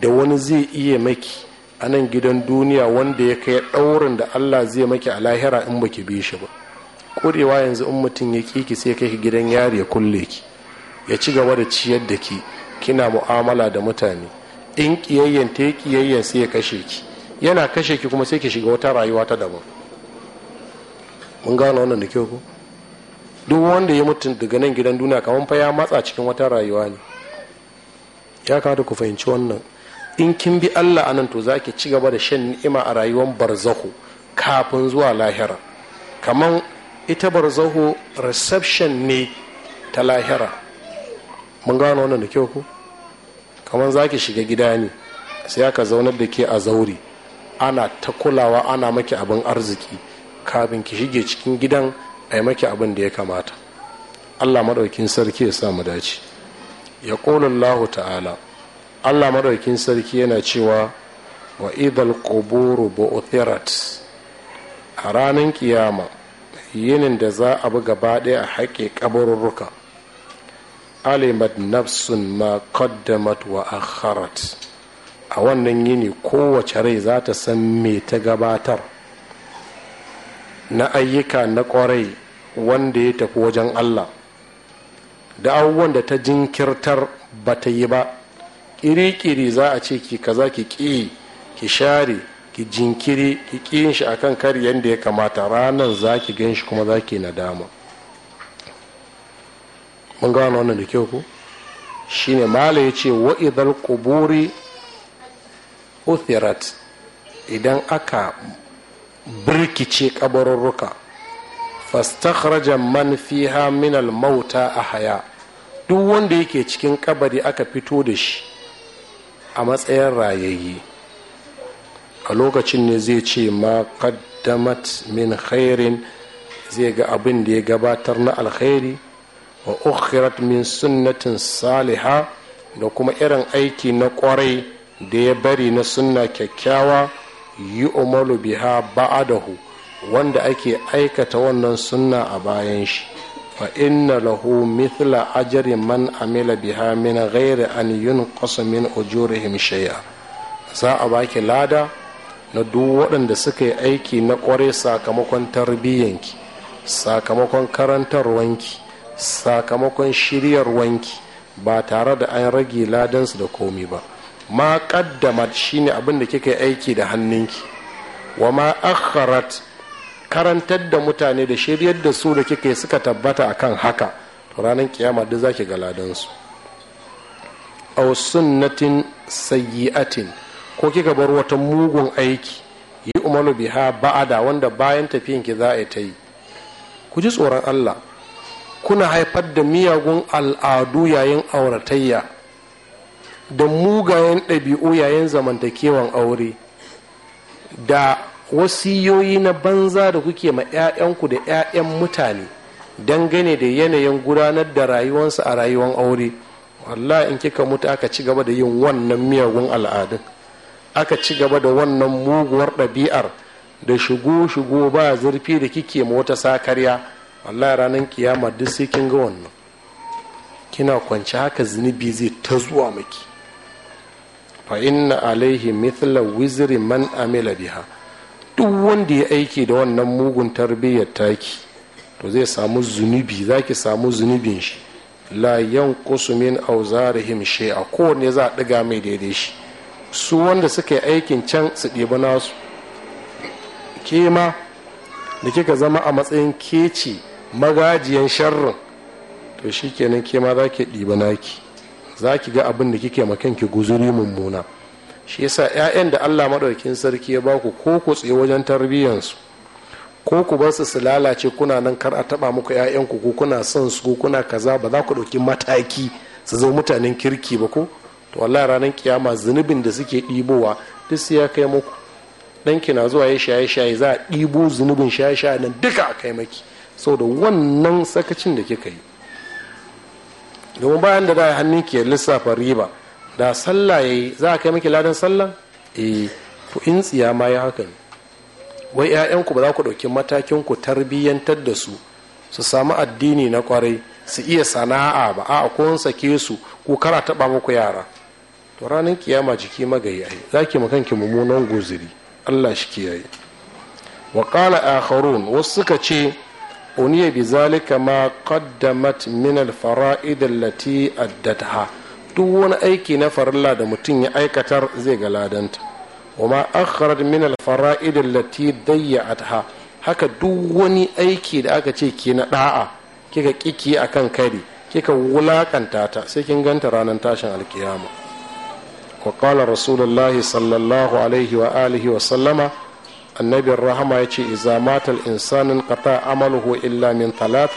da wani zai iya maki a nan gidan duniya wanda ya kai ɗaurin da allah zai maki a lahira in baki bi shi ba kurewa yanzu in mutum ya ki sai kai ki gidan yari ya kulle ki ya ci gaba da ciyar da ki kina mu'amala da mutane in kiyayyen ta kiyayyen sai ya kashe ki yana kashe ki kuma sai ki shiga wata rayuwa ta daban mun gano wannan da kyau ko duk wanda ya mutu daga nan gidan duniya kamar fa ya matsa cikin wata rayuwa ne ya kamata ku fahimci wannan in kin bi Allah anan to za ki ci gaba da shan ni'ima a rayuwar barzahu kafin zuwa lahira kamar ita zaho reception ne ta lahira mun gano wannan da kyau ku kamar za ki shiga gida ne sai aka zaunar da ke a zauri ana ta kulawa ana maki abin arziki kafin ki shige cikin gidan a yi maki abin da ya kamata allah maɗaukin sarki ya sa dace ya Allahu ta'ala allah maɗaukin sarki yana cewa wa idal quburu bu'thirat a ranar kiyama yinin da za a bi gaba ɗaya a haƙe ƙabarurruka alimat nafsun ma qaddamat wa akharat a wannan yini kowace rai za ta san me ta gabatar na ayyuka na ƙwarai wanda ya tafi wajen allah da abubuwan da ta jinkirtar ba ta yi ba ƙiriƙiri za a ce ki kaza ki ƙi ki share ki jinkiri ki kiyin shi akan kari yadda ya kamata ranar za ki gan shi kuma za ki nadama mun gano wannan da kyau ku shine mala ya ce wa'idar kuburi uthirat idan aka birkice kabarurruka fastakhraja man fiha min mauta a haya duk wanda yake cikin kabari aka fito da shi a matsayin rayayye a lokacin ne zai ce ma qaddamat min khairin zai ga abin da ya gabatar na alkhairi wa ukhirat min sunnatin saliha da kuma irin aiki na kwarai da ya bari na sunna kyakkyawa yi umaru biha ba'adahu wanda ake aikata wannan sunna a bayan shi fa inna lahu mithla ajri man amila biha min ghairi an yunqasa min ujurihim shay'a za a baki lada na duk waɗanda suka yi aiki na ƙware sakamakon tarbiyyanki sakamakon karantarwanki sakamakon shiryarwanki ba tare da an rage ladansu da komi ba ma ƙaddama shine abin da kika yi aiki da hannunki wa ma akharat karantar da mutane da shiryar da su da kika yi suka tabbata akan haka to ranar kiyama duk zaki ga ladansu aw sunnatin sayyi'atin ko kika bar wata mugun aiki yi umaru biha ba'ada wanda bayan tafiyan ki za a ta yi ku ji tsoron Allah kuna haifar da miyagun al'adu yayin auratayya da mugayen ɗabi'u yayin zamantakewan aure da wasiyoyi na banza da kuke ma 'ya'yanku da 'ya'yan mutane dangane da yanayin gudanar da rayuwansu a rayuwan aure wallahi in kika mutu aka ci gaba da yin wannan miyagun al'adun aka ci gaba da wannan muguwar ɗabi'ar da shigo-shigo ba zurfi da kike ma wata sakarya wallahi ranar kiyama duk sai kin ga wannan kina kwanci haka zunubi zai ta zuwa maki fa inna alaihi mithla wizri man amila biha duk wanda ya aiki da wannan mugun tarbiyyar taki to zai samu zunubi zaki samu zunubin shi la yan kusumin auzarihim shay'a ne za a ɗiga mai daidai shi su wanda suka yi aikin can su ɗiba nasu ke ma da kika zama a matsayin keci magajiyan sharrin to shi kenan ke ma za ki ɗiba naki za ki ga abin da kike makanki guzuri mummuna shi yasa 'ya'yan da allah maɗaukin sarki ya baku ko ku tsaye wajen tarbiyyansu ko ku bar su su lalace kuna nan kar a taɓa muku 'ya'yanku ko kuna son su ko kuna kaza ba za ku ɗauki mataki su zo mutanen kirki ba ko to Allah ranar kiyama zunubin da suke ɗibowa duk sai ya kai muku ɗanki na zuwa ya shaye shaye za a ɗibo zunubin shaye shaye nan duka a kai maki da wannan sakacin da kika yi domin bayan da da hannun ki ya lissafa riba da sallah yi za a kai maki ladan sallah eh to in tsiya ma ya haka ne wai 'ya'yanku ba za ku ɗauki matakin ku tarbiyyantar da su su samu addini na kwarai su iya sana'a ba a kun sake su ko kara taɓa muku yara to ranar kiyama jiki magayi ai zaki kanki mummunan guziri Allah shi kiyaye wa qala akharun wasu suka ce uniya bi zalika ma qaddamat min al fara'id allati addatha duk wani aiki na farilla da mutum ya aikatar zai ga ladanta wa ma akharat min al fara'id allati dayya'atha haka duk wani aiki da aka ce ke na da'a kika kiki akan kari kika wulakanta ta sai kin ganta ranar tashin alkiyama وقال رسول الله صلى الله عليه وآله وسلم النبي الرحمة يتي إذا مات الإنسان انقطع عمله إلا من ثلاث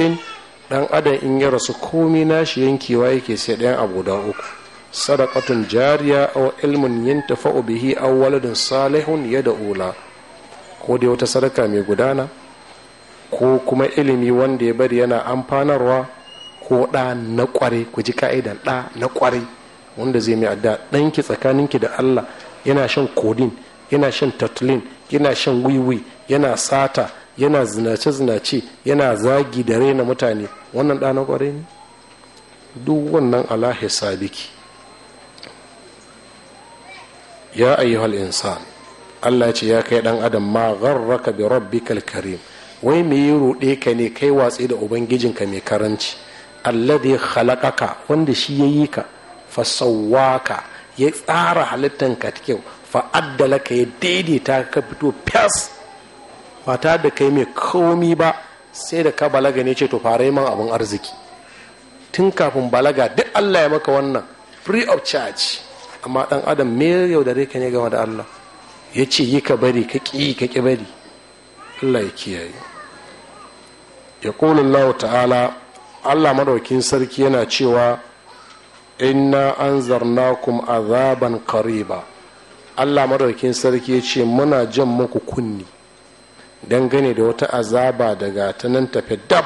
dan adam in ya rasu komi shi yankewa yake sai ɗayan abu da uku sadaqatun jariya aw ilmun yantafa'u bihi aw waladun salihun yad'u la ko dai wata sadaka mai gudana ko kuma ilimi wanda ya bari yana amfanarwa ko ɗa na kware ku ji ka'idan ɗa na kware wanda zai mai adda ɗanki tsakaninki da allah yana shan kodin yana shan tatlin yana shan wiwi yana sata yana zinace-zinace yana zagi da raina mutane wannan ɗana kwarai ne duk wannan ala hisabiki ya ayyuhal insan allah ce ya kai ɗan adam ma gharraka bi rabbikal karim wai me yi ruɗe ka ne kai watsi da ubangijinka mai karanci alladhi khalaqaka wanda shi ya yi ka fasawaka ya tsara halittar ta kyau fa'addala ka ya daidaita ka fito fas ba ta da kai mai komi ba sai da ka balaga ne ce to fara man abin arziki tun kafin balaga duk allah ya maka wannan free of charge amma dan adam me yaudare ka ne game da allah ya ce yi ka bari ka ƙi ka ƙi bari allah ya kiyaye ya ta'ala allah madaukin sarki yana cewa inna anzarnakum azaban ba. Allah madaukin sarki ya ce muna jan muku kunni dangane da wata azaba daga ta nan tafi dab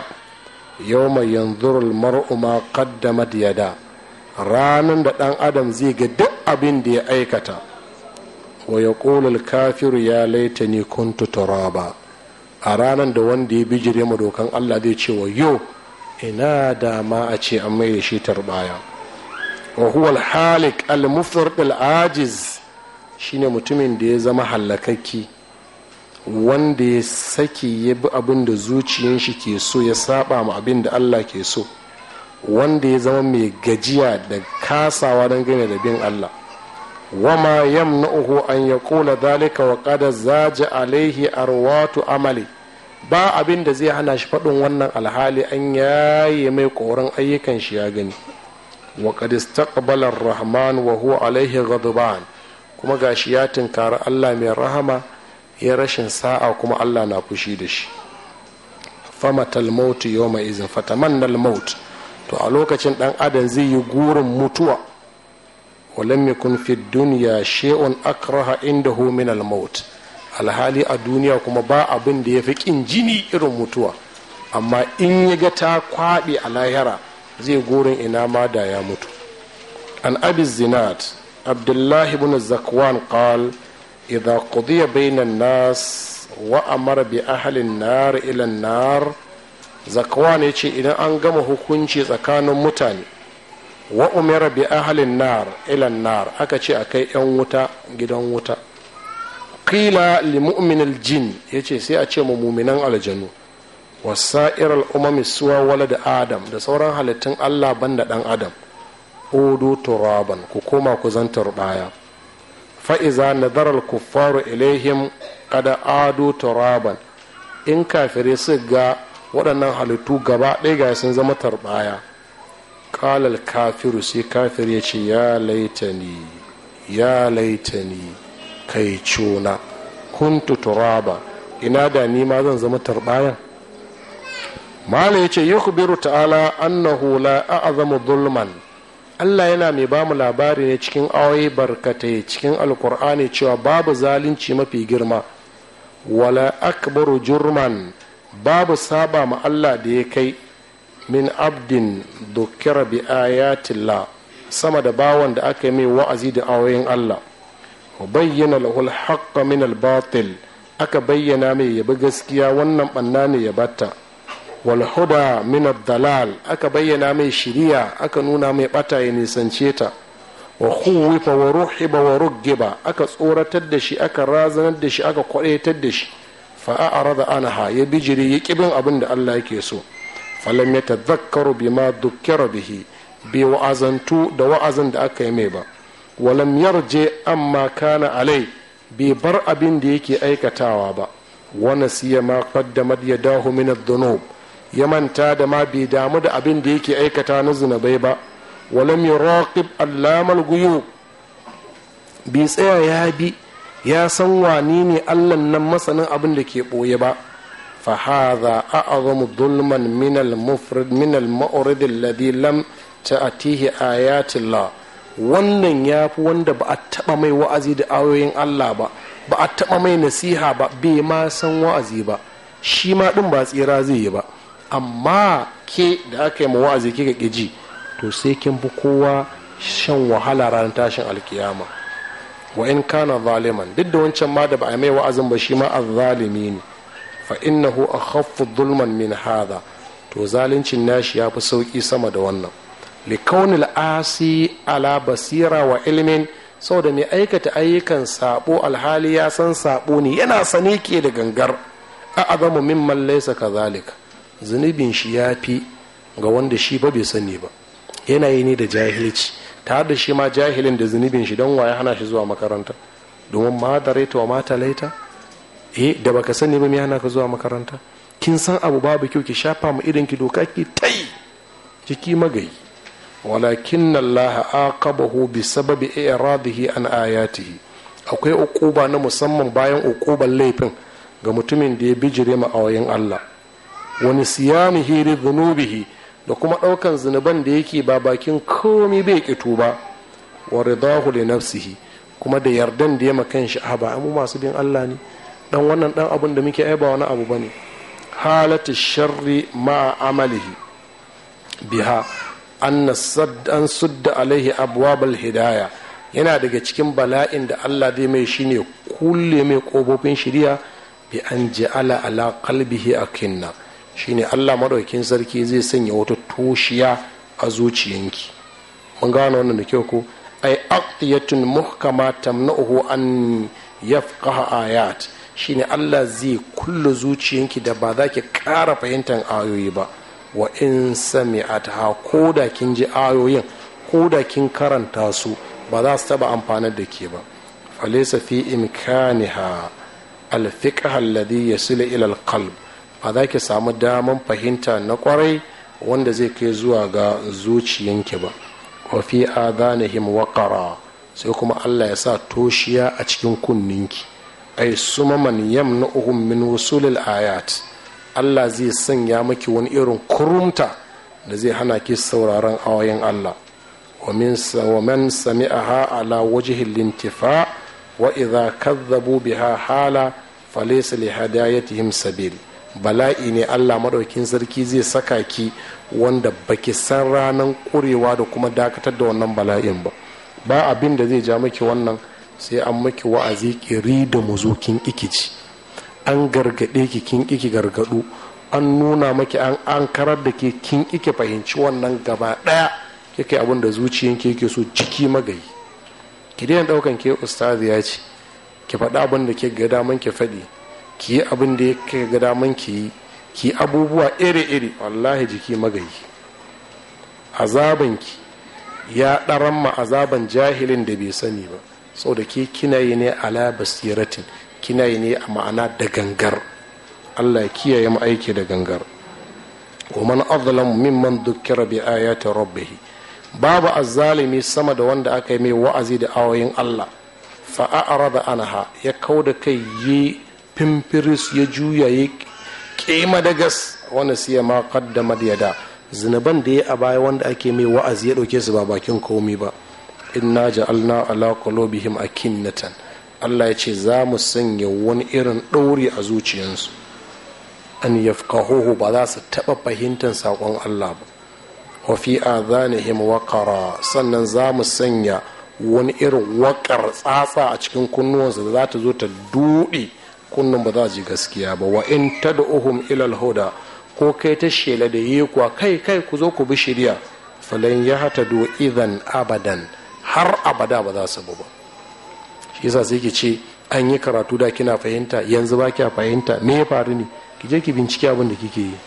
mai yanzurul mar'u ma qaddamat yada ranan da dan adam zai ga duk abin da ya aikata wa yaqulu kafiru ya laitani kuntu ba. a ranan da wanda ya bijire mu dokan Allah zai ce wa yo ina dama a ce an mai shi tarbaya wa halik al-mufrid al-ajiz shine mutumin da ya zama hallakakki wanda ya saki ya bi abin da zuciyar shi ke so ya saba ma abin da Allah ke so wanda ya zama mai gajiya da kasawa don gane da bin Allah na yamna'uhu an ya kula dalika wa kada zaji alaihi arwatu amali ba abin da zai hana shi faɗin wannan alhali an yaye mai koran ayyukan shi ya gani wa qad istaqbala rahman wa alaihi kuma gashi ya tinkari Allah mai rahama ya rashin sa'a kuma Allah na fushi da shi famatal maut yawma izin fatamannal maut to a lokacin dan adam zai yi gurin mutuwa walam yakun fi dunya shay'un akraha indahu min al maut alhali a duniya kuma ba abin da ya fi kin jini irin mutuwa amma in ya ga ta kwaɓe a lahira zai gurin ina ma da ya mutu an abi zinat abdullahi ibn zakwan qal idan qudiya bainan nas wa amara bi ahli nar ila nar zakwan yace idan an gama hukunci tsakanin mutane wa umira bi ahli nar ila nar aka ce kai yan wuta gidan wuta qila li mu'minil jin yace sai a ce mu mu'minan aljanu wasa'ir al'umami suwa wala da adam da sauran halittun allah banda dan adam odo turaban ku koma ku zantar ɗaya fa'iza nadar kuffaru ilaihim kada adu turaban in kafirai su ga waɗannan halittu gaba ɗaya ga sun zama tarbaya kalal kafiru sai kafir ya ce ya laitani ya laitani kai cuna kuntu turaba ina da ni ma zan zama tarbayan malam ya ce yukhbiru ta'ala annahu la a'zamu zulman Allah yana mai bamu labari ne cikin ayoyi barkatai cikin alkur'ani cewa babu zalunci mafi girma wala akbaru jurman babu saba ma Allah da ya kai min abdin dukkira bi ayatillah sama da bawan da aka yi mai wa'azi da ayoyin Allah bayyana lahul haqqa min al-batil aka bayyana mai yabi gaskiya wannan banna ne ya batta walhuda min dalal aka bayyana mai shiriya aka nuna mai bata ya nisance ta wa khuwifa wa ruhiba wa ruggiba aka tsoratar da shi aka razanar da shi aka kwadaitar da shi fa a'rada anha ya bijiri ya kibin abin da Allah yake so falam yatadhakkaru bima dhukkira bihi bi wa'azantu da wa'azin da aka yi mai ba walam yarje amma kana alai bai bar abin da yake aikatawa ba wa nasiya ma qaddamat yadahu min adh-dhunub ya manta da ma bai damu da abin da yake aikata na zinabai ba walam yuraqib allamal guyu bi tsaya ya bi ya san wani ne allan nan masanin abin da ke ɓoye ba fa hadha a'zamu dhulman min al mufrid min al ma'rid alladhi lam ta'tihi ayatillah wannan fi wanda ba a taba mai wa'azi da ayoyin Allah ba ba a taba mai nasiha ba bai ma san wa'azi ba shi ma ɗin ba tsira zai yi ba amma ke da aka yi wa'azi kika kiji to sai kin fi kowa shan wahala ranar tashin alkiyama wa in kana zaliman duk da wancan ma da ba a mai wa'azin ba shi ma azzalimi ne fa innahu akhaffu dhulman min hadha to zaluncin nashi ya fi sauki sama da wannan kaunil asi ala basira wa ilmin saboda mai aikata ayyukan sabo alhali ya san sabo ne yana sane ke da gangar a azamu mimman laisa zalika. zunubin shi ya fi ga wanda shi ba bai sani ba Yana yi ne da jahilci Ta da shi ma jahilin da zunubin shi don waye hana shi zuwa makaranta domin ma da raita wa mata laita eh da baka sani ba me hana ka zuwa makaranta kin san abu babu kyau ki shafa ma idan ki doka ki tai ciki magayi walakin Allah aqabahu bi sababi iradihi an ayatihi akwai ukuba na musamman bayan ukuban laifin ga mutumin da ya bijire ma wayin Allah wani siyami hiri zunubihi da kuma ɗaukan zunuban da yake ba bakin komi bai ƙito ba wa ridahu li nafsihi kuma da yardan da ya makan shi a ba mu masu bin Allah ne dan wannan dan abun da muke aiba wani abu bane halatu sharri ma amalihi biha an an sudda alaihi abwabal hidaya yana daga cikin bala'in da Allah zai mai shine kulle mai kobobin shiriya bi an ja'ala ala qalbihi akinna shine allah maɗaukin sarki zai sanya wata toshiya a zuciyanki mun gano wannan da kyau ko ai aqtiyatun muhkama tamna'uhu an yafqaha ayat shine allah zai kulle zuciyanki da ba za ki ƙara fahimtar ayoyi ba wa in sami'at ha ko da kin ji ayoyin ko da kin karanta su ba za su taba amfanar da ke ba falesa fi imkaniha alfiqh alladhi yasila ila alqalb ba za ki samu daman fahimta na kwarai wanda zai kai zuwa ga zuciyanki ba wa fi adanihim waqara sai kuma Allah ya sa toshiya a cikin kunninki ai na yamna'uhum min wusulil ayat Allah zai sanya maki wani irin kurumta da zai hana ki sauraron ayoyin Allah wa man sami'aha ala wajhi lintifa wa idha kadhabu biha hala falaysa li hadayatihim sabil bala'i ne allah maɗaukin sarki zai saka ki wanda baki san ranar kurewa da kuma dakatar da wannan bala'in ba ba abin da zai ja miki wannan sai an maki wa'azi kiri da zo kin ikici an gargaɗe ki kin iki gargaɗu an nuna miki an an karar da ke kin iki fahimci wannan gaba ɗaya kike abin da zuciyanki yake so ciki magayi ki daina ɗaukan ke ya ce ki faɗa abin da ke ga daman ki faɗi ki yi abin da ya ga daman ki yi ki abubuwa iri-iri wallahi jiki magayi azabanki ya ɗaran ma azaban jahilin da bai sani ba sau da ke yi ne ala basiratin kina yi ne a ma'ana da gangar allah ya kiyaye mu aiki da gangar azlam mimman dukkira ذكر بآيات ربه babu azalimi sama da wanda aka yi mai wa'azi da ayoyin Allah fa'arada anha ya kauda kai yi fimfiris ya juya ya kema da gas wanda siya ma kaddama da yada zinaban da ya a baya wanda ake mai wa'azi ya dauke su ba bakin komi ba inna ja'alna ala qulubihim akinnatan Allah ya ce za mu sanya wani irin ɗauri a zuciyarsu. an yafqahuhu ba za su taɓa fahimtar saƙon Allah ba wa fi adhanihim waqara sannan za mu sanya wani irin waƙar tsatsa a cikin kunnuwansu da za ta zo ta duɗe kunnan ba za a ji gaskiya ba wa in da ila ilal hoda ko kai ta shela da yi kuwa kai kai ku zo ku bi shirya falan ya hata do idan abadan har abada ba za su bu ba shi yasa sai ki ce an yi karatu da kina fahimta yanzu ba kya fahimta me ya faru ne ki je ki binciki abin da kike yi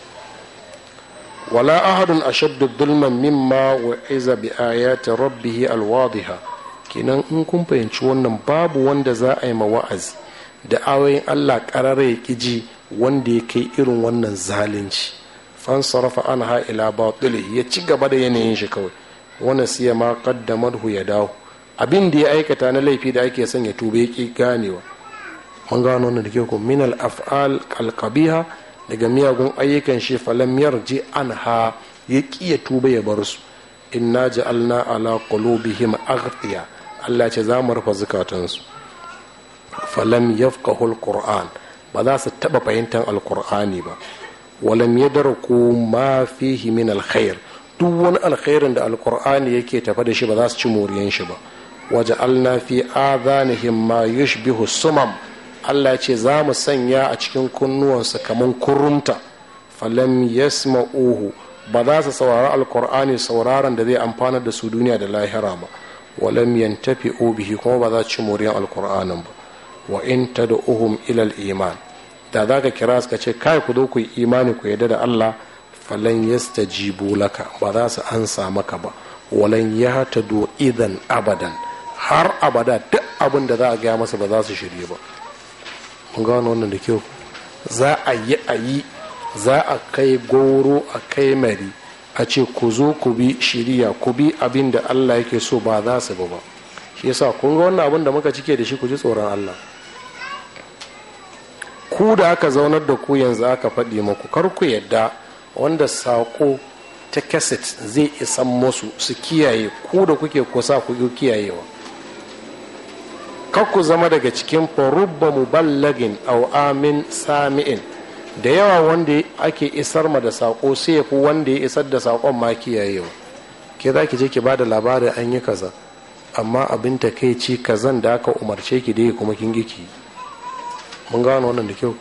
wala ahadun ashaddu dhulman mimma wa iza bi ayati rabbih alwadiha kenan in kun fahimci wannan babu wanda za a yi ma wa'azi da awayin allah ƙarare ya ƙiji wanda ya kai irin wannan zalunci fan sarrafa an ha ila batil ya ci gaba da yanayin shi kawai wannan siya ma hu ya dawo abin da ya aikata na laifi da ake son ya tuba ya ki ganewa mun gano wannan da ke ku min al af'al daga miyagun ayyukan shi falam yarji ha ya ki ya tuba ya bar su inna ja'alna ala qulubihim aghtiya Allah ce za mu rufe zukatansu falam yafqahul qur'an ba za su taba fahimtar alqur'ani ba walam yadraku ma fihi min alkhair duk wani alkhairin da alqur'ani yake tafa da shi ba za su ci moriyan shi ba waja'alna fi adanihim ma yushbihu sumam Allah ce za mu sanya a cikin kunnuwansu kamar kurunta falam yasma'uhu ba za su saurari alkur'ani sauraron da zai amfana da su duniya da lahira ba walam yantafi bihi kuma ba za ci moriyan alkur'anin ba wa in da uhum ilal iman da za ka kira su ce kai ku zo ku yi imani ku yadda da Allah falan ji laka ba za su ansa maka ba walan do idan abadan har abada duk abin da za a gaya masa ba za su shirye ba mun gano wannan da kyau za a yi a yi za a kai goro a kai mari a ce ku zo ku bi shirya ku bi abin da allah yake so ba za su ba ba shi yasa kun ga wannan abin da muka cike da shi ku ji tsoron Allah ku da aka zaunar da ku yanzu aka faɗi maku kar ku yadda wanda saƙo ta kaset zai isan musu su kiyaye ku da kuke kusa ku kiyayewa kar ku zama daga cikin farubba muballagin au amin sami'in da yawa wanda ake isar ma da saƙo sai ya fi wanda ya isar da saƙon ma kiyayewa ke za ki je ki ba da labarin an yi kaza amma abin ta kai ci kazan da aka umarce ki dai kuma kin ki mun gano wannan da kyau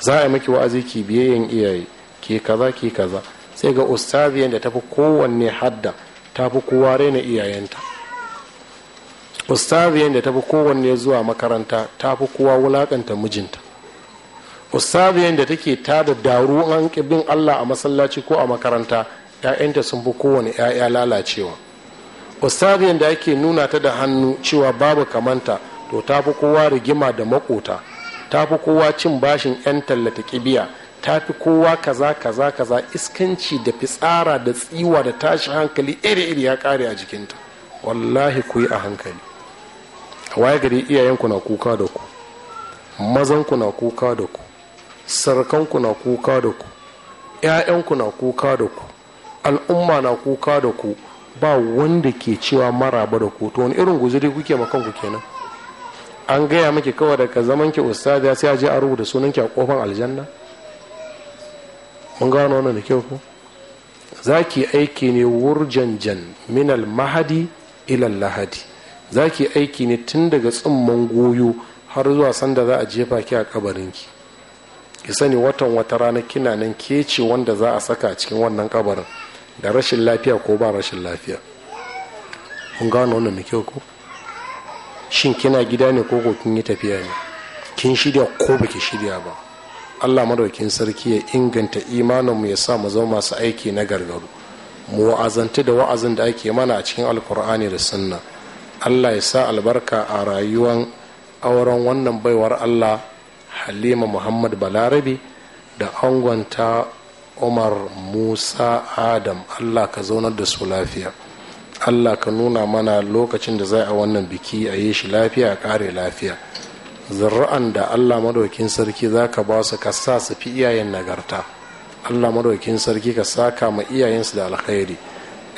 za a yi maki wa'azi ki biyayyen iyaye ke kaza ke kaza sai ga ustaziyan da tafi kowanne hadda tafi kowa raina iyayenta ustaziyan da tafi kowanne zuwa makaranta tafi kowa wulakanta mijinta ustaziyan da take tada daru an bin Allah a masallaci ko a makaranta 'ya'yanta sun fi kowane 'ya'ya lalacewa ustaziyar da ake nuna ta da hannu cewa babu kamanta to ta fi kowa rigima da makota ta fi kowa cin bashin 'yan tallata kibiya ta fi kowa kaza kaza kaza iskanci da fitsara da tsiwa da tashi hankali iri-iri ya kare a jikinta wallahi ku yi a hankali waye gari iyayenku na kuka da ku mazanku na kuka da ku sarkanku na kuka da ku 'ya'yanku na kuka da ku al'umma na kuka da ku ba wanda ke cewa maraba da ku wani irin guzuri kuke ma kanku kenan an gaya miki kawai daga zaman ki ustadiya sai aje a rubuta sunan ki a kofan aljanna mun gano wannan da kyau ko za aiki ne wurjanjan al mahadi al lahadi za aiki ne tun daga tsimman goyo har zuwa sanda za a jefa ki a kabarin ki? ki sani watan wata rana kina nan ke ce wanda za a saka cikin wannan kabarin da rashin lafiya ko ba rashin lafiya kun gano wannan kyau ko shin kina gida ne ko kin yi tafiya ne kin shirya ko baki shirya ba allah madaukin sarki ya inganta imaninmu ya sa mu zama masu aiki na gargaru mu wa'azantu da wa'azin da ake mana a cikin alkur'ani da sunna allah ya sa albarka a rayuwan auren wannan baiwar allah halima muhammad balarabe da angonta umar musa adam allah ka zaunar da su lafiya allah ka nuna mana lokacin da za a wannan biki a yi shi lafiya a kare lafiya zirra'an da allah madaukin sarki za ka ba su ka sa su fi iyayen nagarta allah madaukin sarki ka saka ma iyayensu da alkhairi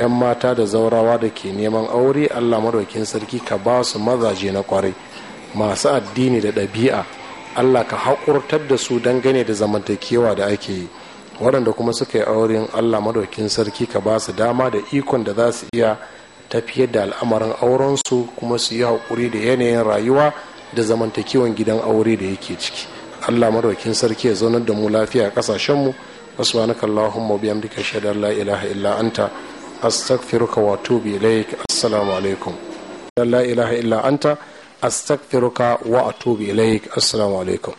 'yan mata da zaurawa da ke neman aure allah madaukin sarki ka ba su mazaje na kwarai masu addini da ɗabi'a allah ka haƙurtar da su dangane da zamantakewa da ake yi waɗanda kuma suka yi auren allah madaukin sarki ka ba su dama da ikon da za su iya tafiyar da al'amarin aurensu kuma su yi haƙuri da yanayin rayuwa da zamantakewan gidan aure da yake ciki allah madaukin sarki ya zaunar da mu lafiya a ƙasashenmu wasu biyan duka shaidar la ilaha illa anta astaghfiruka wa atubu ilaik assalamu alaikum la ilaha illa anta astaghfiruka wa atubu ilaik assalamu alaikum